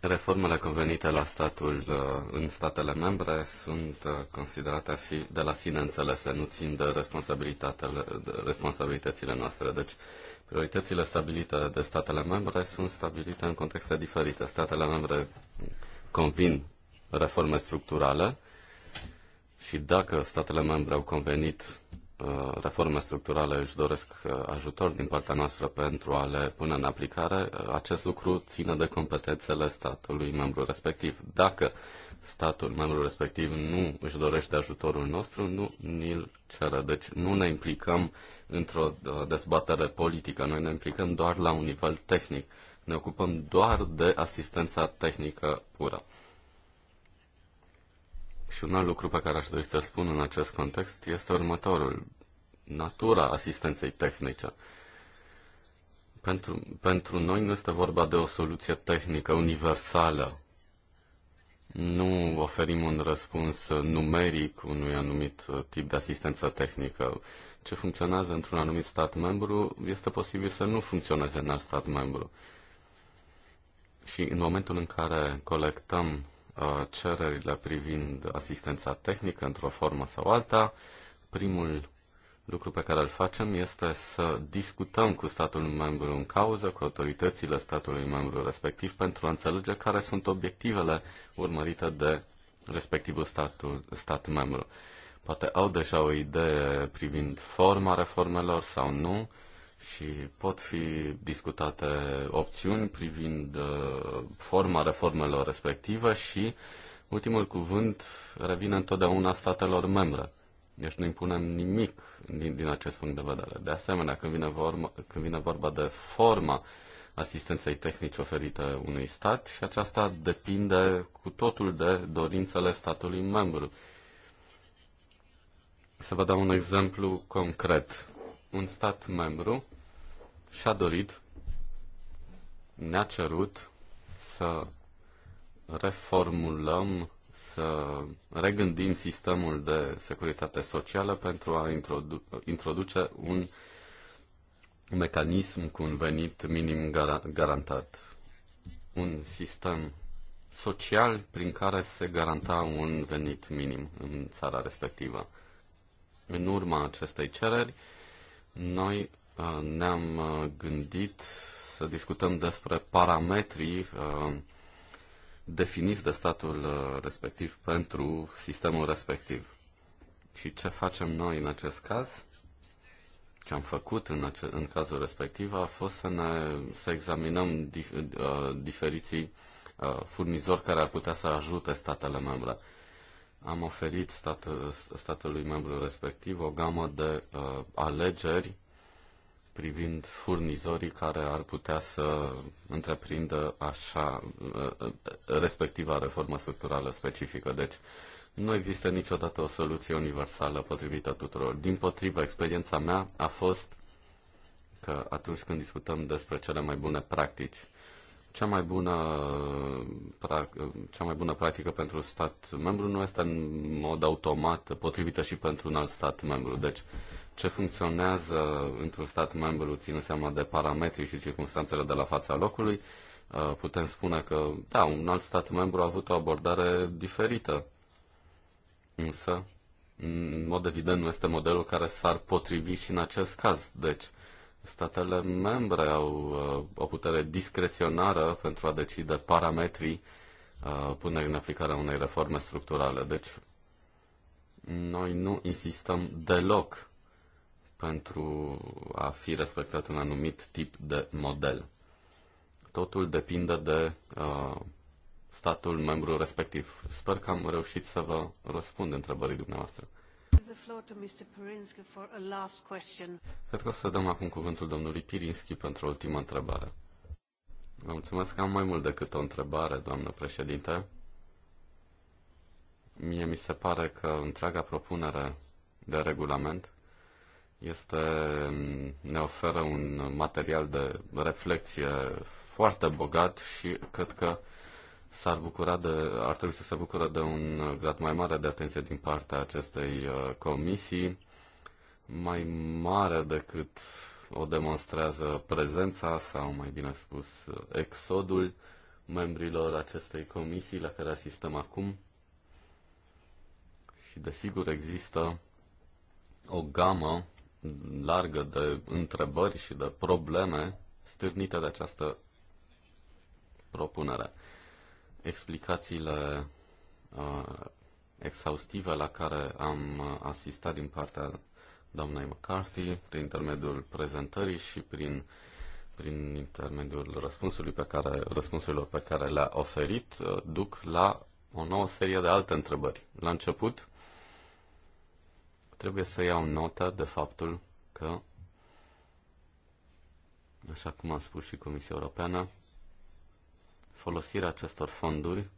Reformele convenite la statul uh, în statele membre sunt uh, considerate a fi de la sine înțelese, nu țin de responsabilitățile noastre. Deci Prioritățile stabilite de statele membre sunt stabilite în contexte diferite. Statele membre convin reforme structurale și dacă statele membre au convenit uh, reforme structurale își doresc uh, ajutor din partea noastră pentru a le pune în aplicare, uh, acest lucru ține de competențele statului membru respectiv. Dacă statul membru respectiv nu își dorește ajutorul nostru, nu ni-l ceră. Deci nu ne implicăm într-o uh, dezbatere politică, noi ne implicăm doar la un nivel tehnic. Ne ocupăm doar de asistența tehnică pură. Și un alt lucru pe care aș dori să spun în acest context este următorul. Natura asistenței tehnice. Pentru, pentru noi nu este vorba de o soluție tehnică universală nu oferim un răspuns numeric unui anumit uh, tip de asistență tehnică. Ce funcționează într-un anumit stat membru este posibil să nu funcționeze în alt stat membru. Și în momentul în care colectăm uh, cererile privind asistența tehnică într-o formă sau alta, primul lucru pe care îl facem este să discutăm cu statul membru în cauză, cu autoritățile statului membru respectiv, pentru a înțelege care sunt obiectivele urmărite de respectivul statul, stat membru. Poate au deja o idee privind forma reformelor sau nu și pot fi discutate opțiuni privind uh, forma reformelor respective și ultimul cuvânt revine întotdeauna statelor membre deci nu impunem nimic din, din acest punct de vedere. De asemenea, când vine, vorba, când vine vorba de forma asistenței tehnice oferite unui stat și aceasta depinde cu totul de dorințele statului membru. Să vă dau un exemplu concret. Un stat membru și-a dorit, ne-a cerut să reformulăm să regândim sistemul de securitate socială pentru a introdu- introduce un mecanism cu un venit minim gar- garantat. Un sistem social prin care se garanta un venit minim în țara respectivă. În urma acestei cereri, noi uh, ne-am uh, gândit să discutăm despre parametrii uh, definiți de statul uh, respectiv pentru sistemul respectiv. Și ce facem noi în acest caz? Ce am făcut în, ace- în cazul respectiv a fost să, ne, să examinăm dif- uh, diferiții uh, furnizori care ar putea să ajute statele membre. Am oferit statul, statului membru respectiv o gamă de uh, alegeri privind furnizorii care ar putea să întreprindă așa uh, respectiva reformă structurală specifică. Deci nu există niciodată o soluție universală potrivită tuturor. Din potrivă, experiența mea a fost că atunci când discutăm despre cele mai bune practici, cea mai bună, cea mai bună practică pentru un stat membru nu este în mod automat potrivită și pentru un alt stat membru. Deci ce funcționează într-un stat membru ținând seama de parametrii și circunstanțele de la fața locului, uh, putem spune că, da, un alt stat membru a avut o abordare diferită. Însă, în mod evident, nu este modelul care s-ar potrivi și în acest caz. Deci, statele membre au uh, o putere discreționară pentru a decide parametrii uh, punerii în aplicare unei reforme structurale. Deci, noi nu insistăm deloc pentru a fi respectat un anumit tip de model. Totul depinde de uh, statul membru respectiv. Sper că am reușit să vă răspund întrebării dumneavoastră. Cred că o să dăm acum cuvântul domnului Pirinski pentru ultima întrebare. Vă mulțumesc că am mai mult decât o întrebare, doamnă președinte. Mie mi se pare că întreaga propunere de regulament este, ne oferă un material de reflexie foarte bogat și cred că s-ar bucura de, ar trebui să se bucură de un grad mai mare de atenție din partea acestei uh, comisii, mai mare decât o demonstrează prezența sau, mai bine spus, exodul membrilor acestei comisii la care asistăm acum. Și, desigur, există o gamă largă de întrebări și de probleme stârnite de această propunere. Explicațiile uh, exhaustive la care am uh, asistat din partea doamnei McCarthy prin intermediul prezentării și prin, prin intermediul răspunsului pe care, răspunsurilor pe care le-a oferit, uh, duc la o nouă serie de alte întrebări. La început, Trebuie să iau notă de faptul că, așa cum a spus și Comisia Europeană, folosirea acestor fonduri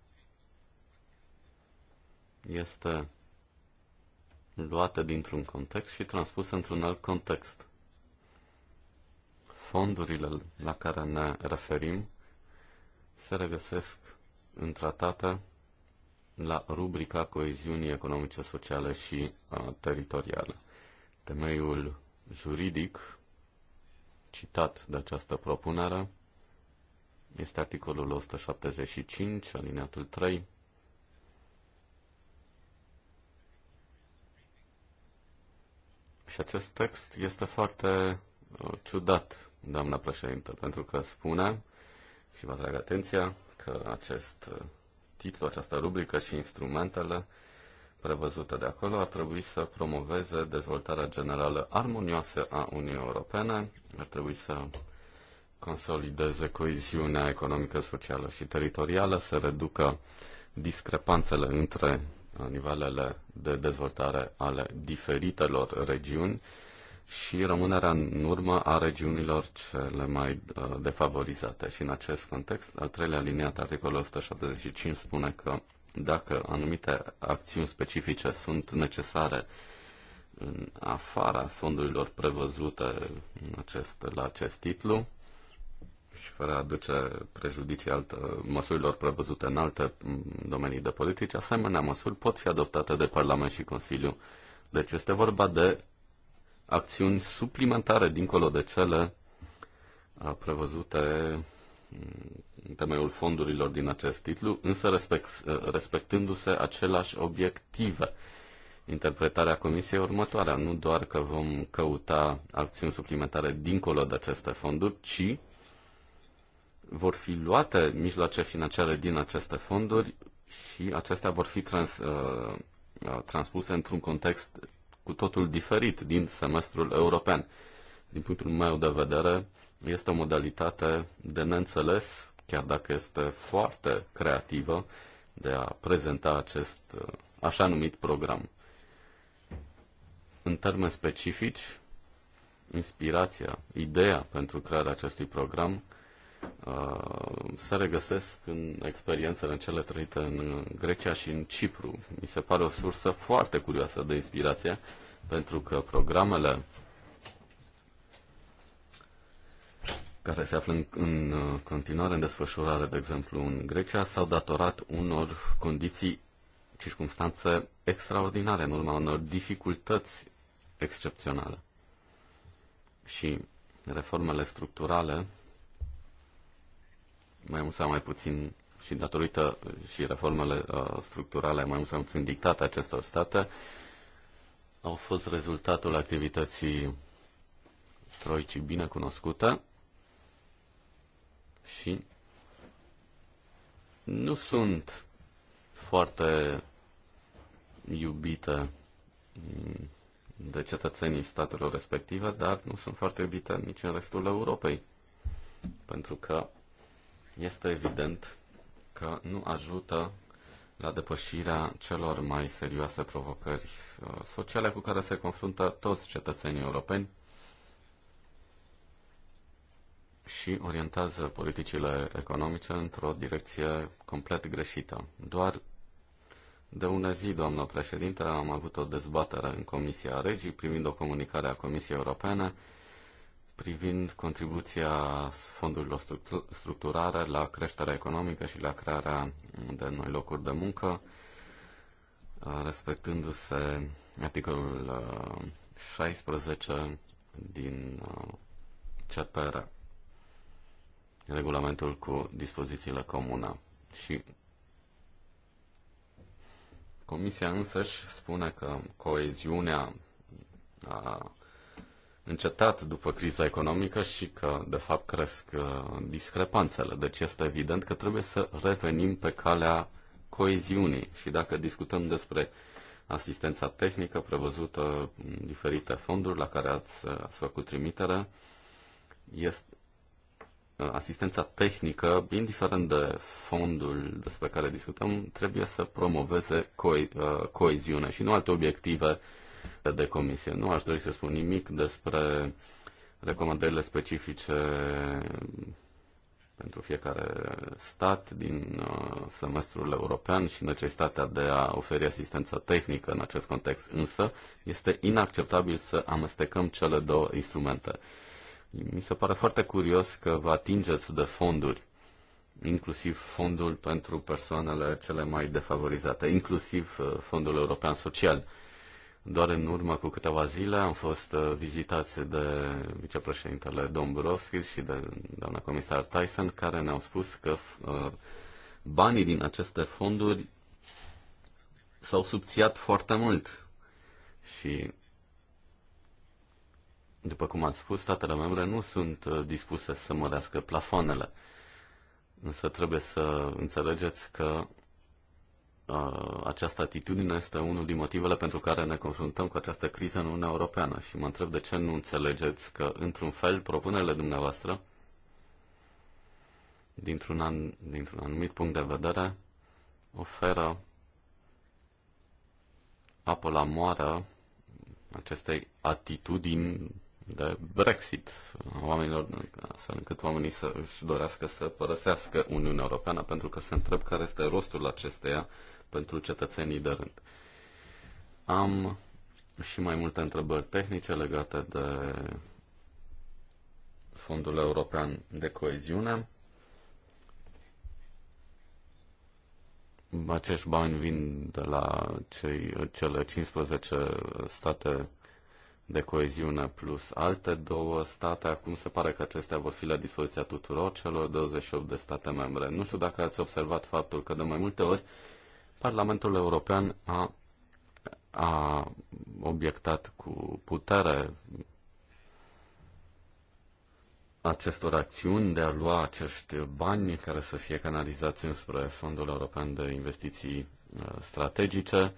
este luată dintr-un context și transpusă într-un alt context. Fondurile la care ne referim se regăsesc în tratate la rubrica coeziunii economice, sociale și uh, teritoriale. Temeiul juridic citat de această propunere este articolul 175, alineatul 3, Și acest text este foarte uh, ciudat, doamna președinte, pentru că spune, și vă atrag atenția, că acest uh, titlu, această rubrică și instrumentele prevăzute de acolo ar trebui să promoveze dezvoltarea generală armonioasă a Uniunii Europene, ar trebui să consolideze coeziunea economică, socială și teritorială, să reducă discrepanțele între nivelele de dezvoltare ale diferitelor regiuni și rămânerea în urmă a regiunilor cele mai uh, defavorizate. Și în acest context, al treilea aliniat, articolul 175, spune că dacă anumite acțiuni specifice sunt necesare în afara fondurilor prevăzute în acest, la acest titlu și fără a aduce prejudicii altă, măsurilor prevăzute în alte mm, domenii de politici, asemenea măsuri pot fi adoptate de Parlament și Consiliu. Deci este vorba de acțiuni suplimentare dincolo de cele uh, prevăzute în temeiul fondurilor din acest titlu, însă respect, uh, respectându-se aceleași obiective. Interpretarea Comisiei următoarea, nu doar că vom căuta acțiuni suplimentare dincolo de aceste fonduri, ci vor fi luate mijloace financiare din aceste fonduri și acestea vor fi trans, uh, transpuse într-un context cu totul diferit din semestrul european. Din punctul meu de vedere, este o modalitate de neînțeles, chiar dacă este foarte creativă, de a prezenta acest uh, așa numit program. În termeni specifici, inspirația, ideea pentru crearea acestui program Uh, se regăsesc în experiențele în cele trăite în Grecia și în Cipru. Mi se pare o sursă foarte curioasă de inspirație, pentru că programele care se află în, în uh, continuare în desfășurare, de exemplu, în Grecia, s-au datorat unor condiții, circunstanțe extraordinare, în urma unor dificultăți excepționale. Și reformele structurale mai mult sau mai puțin și datorită și reformele uh, structurale mai mult sau mai puțin dictate acestor state, au fost rezultatul activității troicii bine cunoscute și nu sunt foarte iubite mm, de cetățenii statelor respective, dar nu sunt foarte iubite nici în restul Europei, pentru că este evident că nu ajută la depășirea celor mai serioase provocări uh, sociale cu care se confruntă toți cetățenii europeni și orientează politicile economice într-o direcție complet greșită. Doar de una zi, doamnă președinte, am avut o dezbatere în Comisia Regii primind o comunicare a Comisiei Europene privind contribuția fondurilor structurare la creșterea economică și la crearea de noi locuri de muncă, uh, respectându-se articolul 16 uh, din uh, CPR, regulamentul cu dispozițiile comune. Și Comisia însăși spune că coeziunea a încetat după criza economică și că, de fapt, cresc uh, discrepanțele. Deci este evident că trebuie să revenim pe calea coeziunii. Și dacă discutăm despre asistența tehnică prevăzută în diferite fonduri la care ați, ați făcut trimitere, este uh, asistența tehnică, indiferent de fondul despre care discutăm, trebuie să promoveze uh, coeziune și nu alte obiective uh, de comisie. Nu aș dori să spun nimic despre recomandările specifice pentru fiecare stat din uh, semestrul european și necesitatea de a oferi asistență tehnică în acest context. Însă este inacceptabil să amestecăm cele două instrumente. Mi se pare foarte curios că vă atingeți de fonduri, inclusiv fondul pentru persoanele cele mai defavorizate, inclusiv uh, fondul european social doar în urmă cu câteva zile am fost uh, vizitați de vicepreședintele Dombrovskis și de doamna comisar Tyson, care ne-au spus că uh, banii din aceste fonduri s-au subțiat foarte mult și după cum ați spus, statele membre nu sunt uh, dispuse să mărească plafoanele. Însă trebuie să înțelegeți că această atitudine este unul din motivele pentru care ne confruntăm cu această criză în Uniunea Europeană și mă întreb de ce nu înțelegeți că, într-un fel, propunerile dumneavoastră, dintr-un, an, dintr-un anumit punct de vedere, oferă apă la moară acestei atitudini de Brexit, oamenilor, astfel încât oamenii să își dorească să părăsească Uniunea Europeană, pentru că se întreb care este rostul acesteia pentru cetățenii de rând. Am și mai multe întrebări tehnice legate de Fondul European de Coeziune. Acești bani vin de la cei, cele 15 state de coeziune plus alte două state. Acum se pare că acestea vor fi la dispoziția tuturor celor 28 de state membre. Nu știu dacă ați observat faptul că de mai multe ori Parlamentul European a, a obiectat cu putere acestor acțiuni de a lua acești bani care să fie canalizați înspre Fondul European de Investiții uh, Strategice.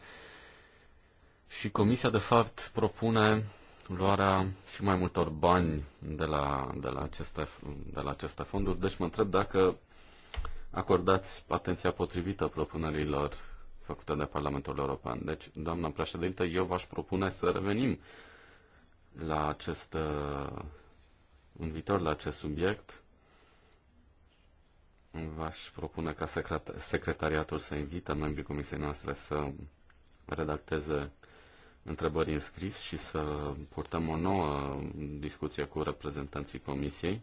Și Comisia, de fapt, propune luarea și mai multor bani de la, de la, aceste, de la aceste fonduri. Deci mă întreb dacă acordați atenția potrivită propunerilor făcută de Parlamentul European. Deci, doamna președinte, eu v-aș propune să revenim la acest, în uh, viitor la acest subiect. V-aș propune ca secretariatul să invite membrii comisiei noastre să redacteze întrebări în scris și să purtăm o nouă discuție cu reprezentanții comisiei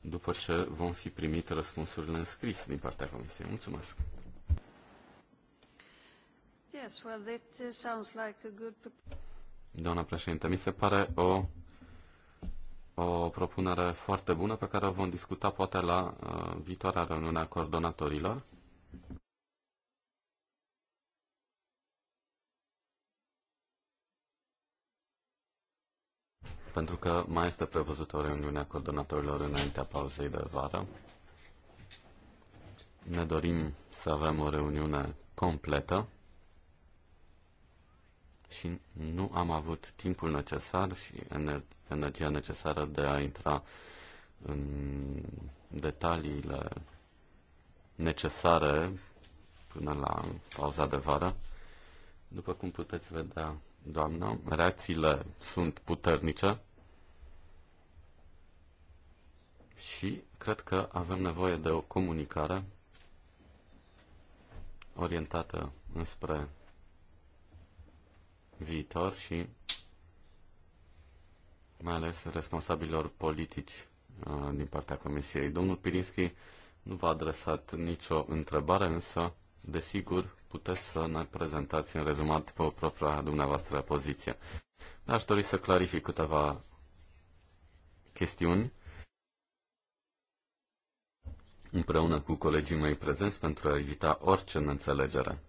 după ce vom fi primit răspunsurile în scris din partea comisiei. Mulțumesc! Yes, well, that uh, sounds like a good... Doamna președinte, mi se pare o, o propunere foarte bună pe care o vom discuta poate la uh, viitoarea reuniune a coordonatorilor. pentru că mai este prevăzută o reuniune a coordonatorilor înaintea pauzei de vară. Ne dorim să avem o reuniune completă și nu am avut timpul necesar și energia necesară de a intra în detaliile necesare până la pauza de vară. După cum puteți vedea, doamnă, reacțiile sunt puternice și cred că avem nevoie de o comunicare orientată înspre viitor și mai ales responsabililor politici uh, din partea Comisiei. Domnul Pirinski nu v-a adresat nicio întrebare, însă, desigur, puteți să ne prezentați în rezumat pe propria dumneavoastră poziție. Aș dori să clarific câteva chestiuni împreună cu colegii mei prezenți pentru a evita orice înțelegere.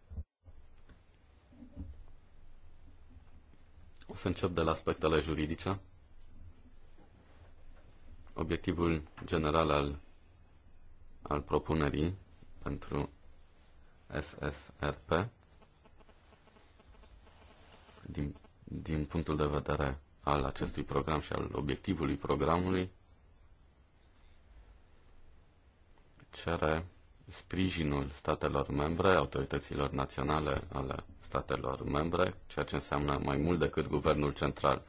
să încep de la aspectele juridice. Obiectivul general al, al propunerii pentru SSRP din, din punctul de vedere al acestui program și al obiectivului programului cere sprijinul statelor membre, autorităților naționale ale statelor membre, ceea ce înseamnă mai mult decât guvernul central.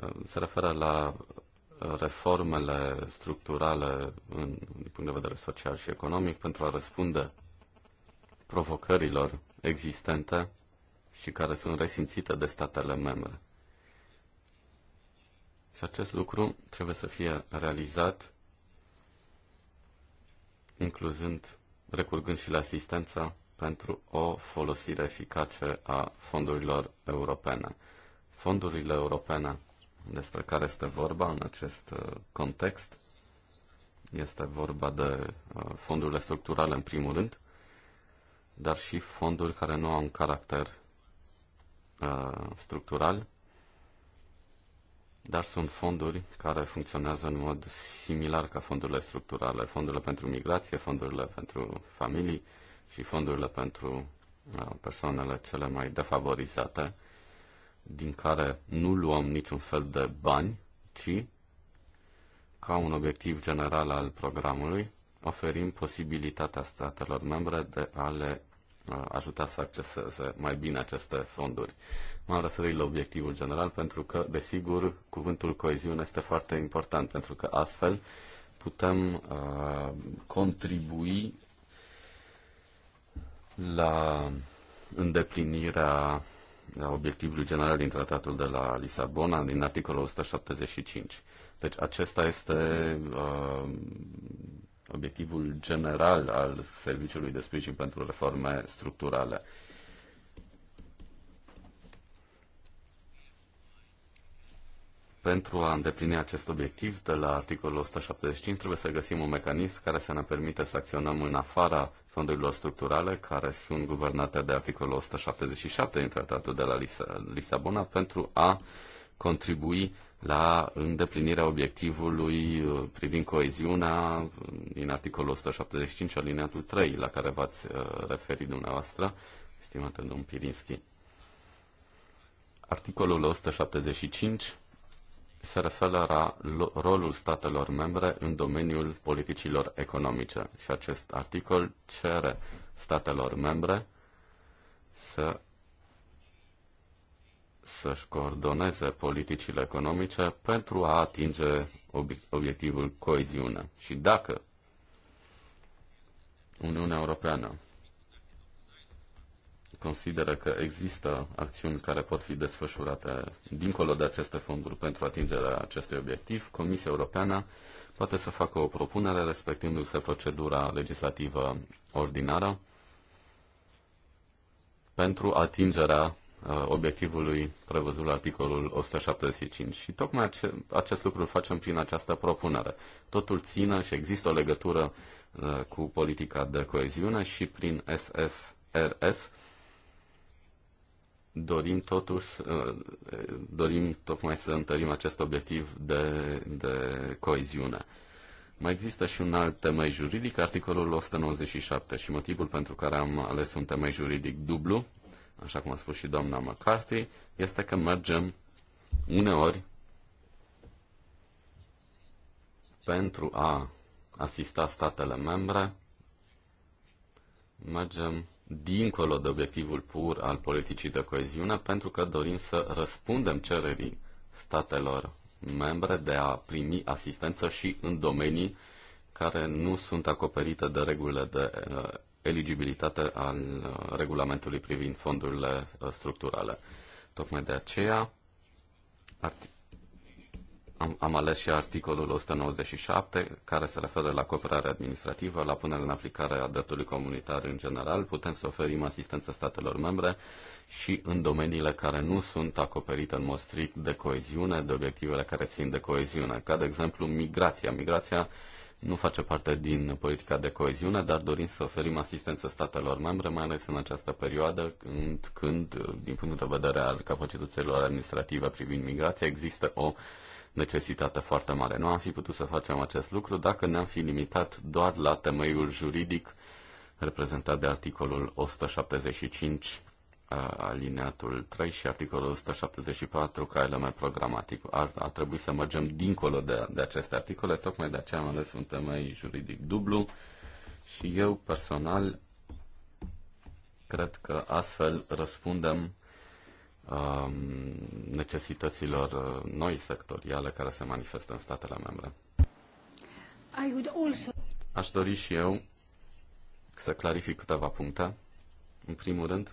Uh, se referă la reformele structurale în, din punct de vedere social și economic pentru a răspunde provocărilor existente și care sunt resimțite de statele membre. Și acest lucru trebuie să fie realizat incluzând, recurgând și la asistența pentru o folosire eficace a fondurilor europene. Fondurile europene despre care este vorba în acest uh, context este vorba de uh, fondurile structurale în primul rând, dar și fonduri care nu au un caracter uh, structural, dar sunt fonduri care funcționează în mod similar ca fondurile structurale, fondurile pentru migrație, fondurile pentru familii și fondurile pentru uh, persoanele cele mai defavorizate, din care nu luăm niciun fel de bani, ci, ca un obiectiv general al programului, oferim posibilitatea statelor membre de a le ajuta să acceseze mai bine aceste fonduri. M-am referit la obiectivul general pentru că, desigur, cuvântul coeziune este foarte important, pentru că astfel putem uh, contribui la îndeplinirea obiectivului general din tratatul de la Lisabona, din articolul 175. Deci acesta este uh, obiectivul general al Serviciului de Sprijin pentru Reforme Structurale. Pentru a îndeplini acest obiectiv, de la articolul 175 trebuie să găsim un mecanism care să ne permite să acționăm în afara fondurilor structurale care sunt guvernate de articolul 177 din Tratatul de la Lis- Lisabona pentru a contribui la îndeplinirea obiectivului uh, privind coeziunea uh, din articolul 175 alineatul 3 la care v-ați uh, referit dumneavoastră, stimată domn Pirinski. Articolul 175 se referă la rolul statelor membre în domeniul politicilor economice și acest articol cere statelor membre să să-și coordoneze politicile economice pentru a atinge obiectivul coeziune. Și dacă Uniunea Europeană consideră că există acțiuni care pot fi desfășurate dincolo de aceste fonduri pentru atingerea acestui obiectiv, Comisia Europeană poate să facă o propunere respectându-se procedura legislativă ordinară pentru atingerea Uh, obiectivului prevăzut la articolul 175. Și tocmai acest lucru îl facem prin această propunere. Totul țină și există o legătură uh, cu politica de coeziune și prin SSRS dorim totuși, uh, dorim tocmai să întărim acest obiectiv de, de coeziune. Mai există și un alt temei juridic, articolul 197 și motivul pentru care am ales un temei juridic dublu așa cum a spus și doamna McCarthy, este că mergem uneori pentru a asista statele membre, mergem dincolo de obiectivul pur al politicii de coeziune, pentru că dorim să răspundem cererii statelor membre de a primi asistență și în domenii care nu sunt acoperite de regulile de uh, eligibilitate al uh, regulamentului privind fondurile uh, structurale. Tocmai de aceea am, am ales și articolul 197 care se referă la cooperarea administrativă, la punerea în aplicare a dreptului comunitar în general. Putem să oferim asistență statelor membre și în domeniile care nu sunt acoperite în mod strict de coeziune, de obiectivele care țin de coeziune, ca de exemplu migrația. Migrația nu face parte din politica de coeziune, dar dorim să oferim asistență statelor membre, mai ales în această perioadă, când, când din punct de vedere al capacităților administrative privind migrația, există o necesitate foarte mare. Nu am fi putut să facem acest lucru dacă ne-am fi limitat doar la temeiul juridic reprezentat de articolul 175 alineatul 3 și articolul 174 ca element programatic. Ar, ar trebui să mergem dincolo de, de aceste articole, tocmai de aceea am ales un temă juridic dublu și eu personal cred că astfel răspundem um, necesităților uh, noi sectoriale care se manifestă în statele membre. I would also... Aș dori și eu să clarific câteva puncte. În primul rând,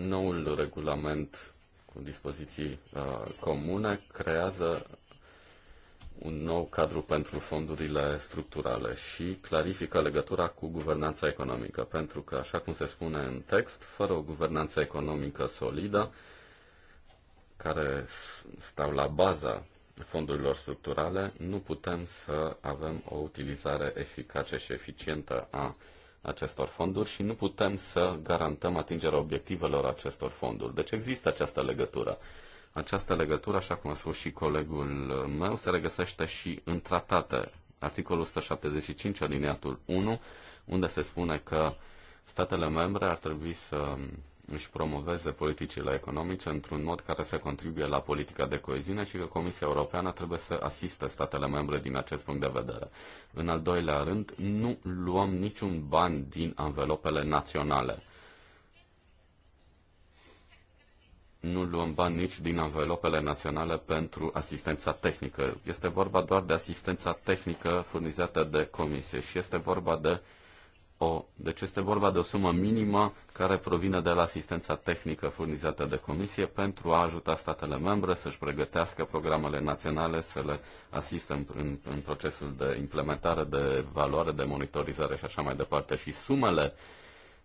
Noul regulament cu dispoziții uh, comune creează un nou cadru pentru fondurile structurale și clarifică legătura cu guvernanța economică, pentru că, așa cum se spune în text, fără o guvernanță economică solidă, care stau la baza fondurilor structurale, nu putem să avem o utilizare eficace și eficientă a acestor fonduri și nu putem să garantăm atingerea obiectivelor acestor fonduri. Deci există această legătură. Această legătură, așa cum a spus și colegul meu, se regăsește și în tratate. Articolul 175, alineatul 1, unde se spune că statele membre ar trebui să își promoveze politicile economice într-un mod care să contribuie la politica de coeziune și că Comisia Europeană trebuie să asiste statele membre din acest punct de vedere. În al doilea rând, nu luăm niciun ban din anvelopele naționale. nu luăm bani nici din anvelopele naționale pentru asistența tehnică. Este vorba doar de asistența tehnică furnizată de comisie și este vorba de o, deci este vorba de o sumă minimă care provine de la asistența tehnică furnizată de Comisie pentru a ajuta statele membre să-și pregătească programele naționale, să le asiste în, în, în procesul de implementare, de valoare, de monitorizare și așa mai departe. Și sumele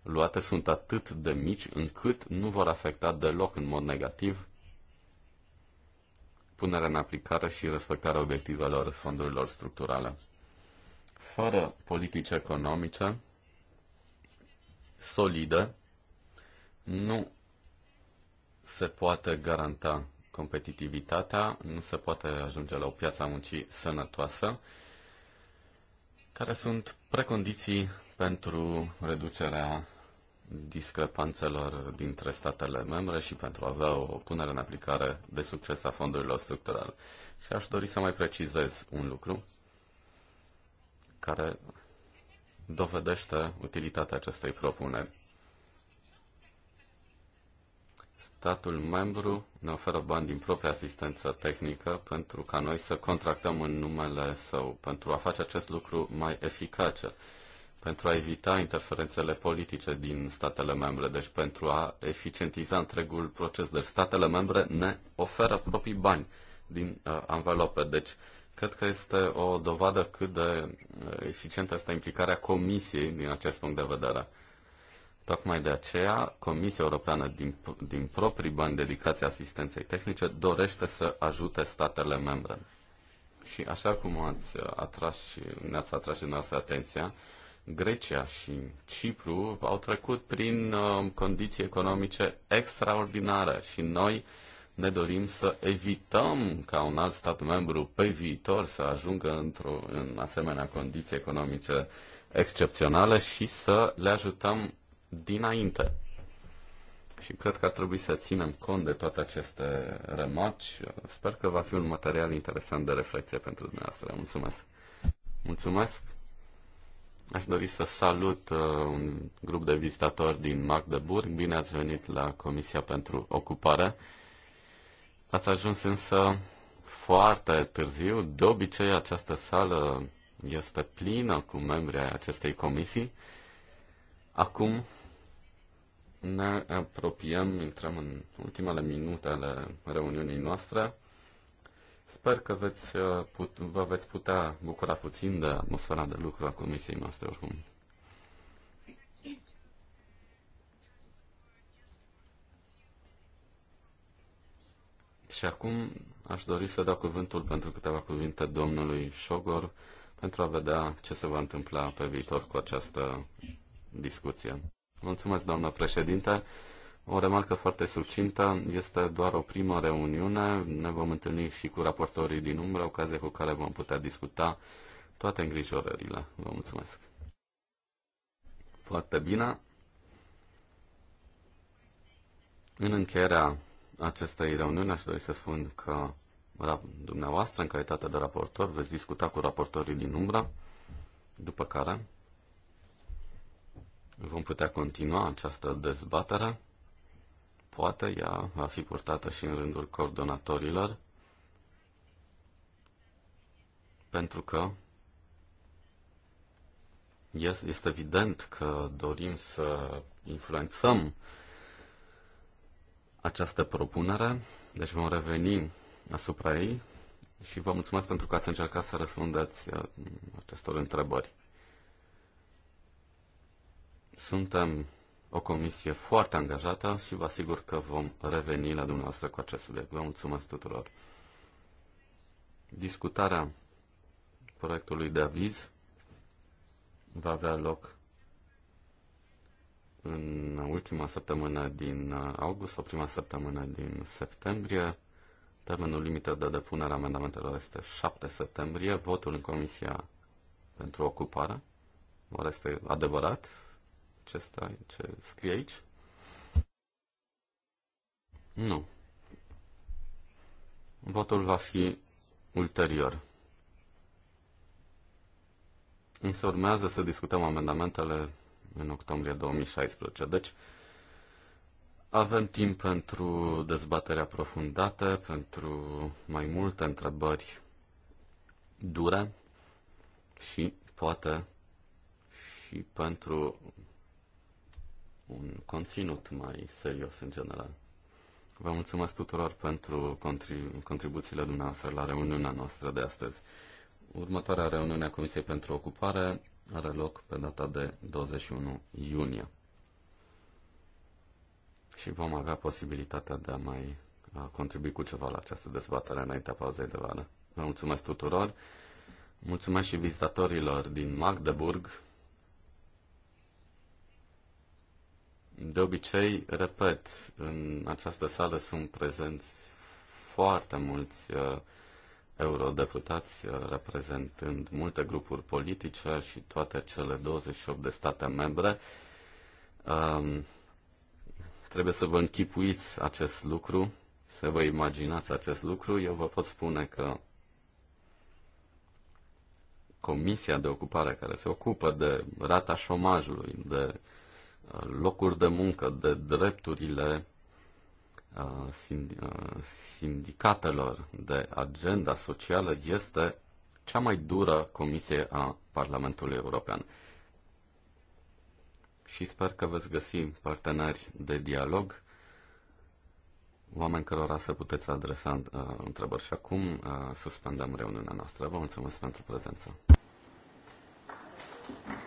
luate sunt atât de mici încât nu vor afecta deloc în mod negativ punerea în aplicare și respectarea obiectivelor fondurilor structurale. Fără politici economice, solidă, nu se poate garanta competitivitatea, nu se poate ajunge la o piață a muncii sănătoasă, care sunt precondiții pentru reducerea discrepanțelor dintre statele membre și pentru a avea o punere în aplicare de succes a fondurilor structurale. Și aș dori să mai precizez un lucru care dovedește utilitatea acestei propuneri. Statul membru ne oferă bani din propria asistență tehnică pentru ca noi să contractăm în numele său, pentru a face acest lucru mai eficace, pentru a evita interferențele politice din statele membre, deci pentru a eficientiza întregul proces. Deci statele membre ne oferă proprii bani din uh, anvelope. Deci Cred că este o dovadă cât de eh, eficientă este implicarea Comisiei din acest punct de vedere. Tocmai de aceea, Comisia Europeană, din, din proprii bani dedicați asistenței tehnice, dorește să ajute statele membre. Și așa cum ați eh, atras și ne-ați atras și noastră atenția, Grecia și Cipru au trecut prin uh, condiții economice extraordinare și noi ne dorim să evităm ca un alt stat membru pe viitor să ajungă într-o în asemenea condiții economice excepționale și să le ajutăm dinainte. Și cred că ar trebui să ținem cont de toate aceste remarci. Sper că va fi un material interesant de reflexie pentru dumneavoastră. Mulțumesc! Mulțumesc! Aș dori să salut uh, un grup de vizitatori din Magdeburg. Bine ați venit la Comisia pentru Ocupare. Ați ajuns însă foarte târziu. De obicei, această sală este plină cu membri ai acestei comisii. Acum ne apropiem, intrăm în ultimele minute ale reuniunii noastre. Sper că veți uh, put, vă veți putea bucura puțin de atmosfera de lucru a comisiei noastre oricum. Și acum aș dori să dau cuvântul pentru câteva cuvinte domnului Șogor pentru a vedea ce se va întâmpla pe viitor cu această discuție. Mulțumesc, doamnă președinte. O remarcă foarte succintă, este doar o primă reuniune, ne vom întâlni și cu raportorii din umbră, ocazie cu care vom putea discuta toate îngrijorările. Vă mulțumesc. Foarte bine. În încheierea acesta e reuniune, aș dori să spun că dumneavoastră, în calitate de raportor, veți discuta cu raportorii din umbra, după care vom putea continua această dezbatere. Poate ea va fi purtată și în rândul coordonatorilor, pentru că este evident că dorim să influențăm uh, această propunere, deci vom reveni asupra ei și vă mulțumesc pentru că ați încercat să răspundeți uh, acestor întrebări. Suntem o comisie foarte angajată și vă asigur că vom reveni la dumneavoastră cu acest subiect. Vă mulțumesc tuturor. Discutarea proiectului de aviz va avea loc în ultima săptămână din uh, august sau prima săptămână din septembrie. Termenul limită de depunere a amendamentelor este 7 septembrie. Votul în Comisia pentru Ocupare. Oare este adevărat ce, stai, ce scrie aici? Nu. Votul va fi ulterior. Însă urmează să discutăm amendamentele în octombrie 2016. Deci, avem timp pentru dezbatere aprofundată, pentru mai multe întrebări dure și poate și pentru un conținut mai serios în general. Vă mulțumesc tuturor pentru contribu- contribuțiile dumneavoastră la reuniunea noastră de astăzi. Următoarea reuniune a Comisiei pentru Ocupare are loc pe data de 21 iunie. Și vom avea posibilitatea de a mai contribui cu ceva la această dezbatere înaintea pauzei de vară. Vă mulțumesc tuturor! Mulțumesc și vizitatorilor din Magdeburg. De obicei, repet, în această sală sunt prezenți foarte mulți uh, eurodeputați uh, reprezentând multe grupuri politice și toate cele 28 de state membre. Um, trebuie să vă închipuiți acest lucru, să vă imaginați acest lucru. Eu vă pot spune că Comisia de Ocupare care se ocupă de rata șomajului, de uh, locuri de muncă, de drepturile sindicatelor de agenda socială este cea mai dură comisie a Parlamentului European. Și sper că veți găsi parteneri de dialog, oameni cărora să puteți adresa uh, întrebări. Și acum uh, suspendăm reuniunea noastră. Vă mulțumesc pentru prezență.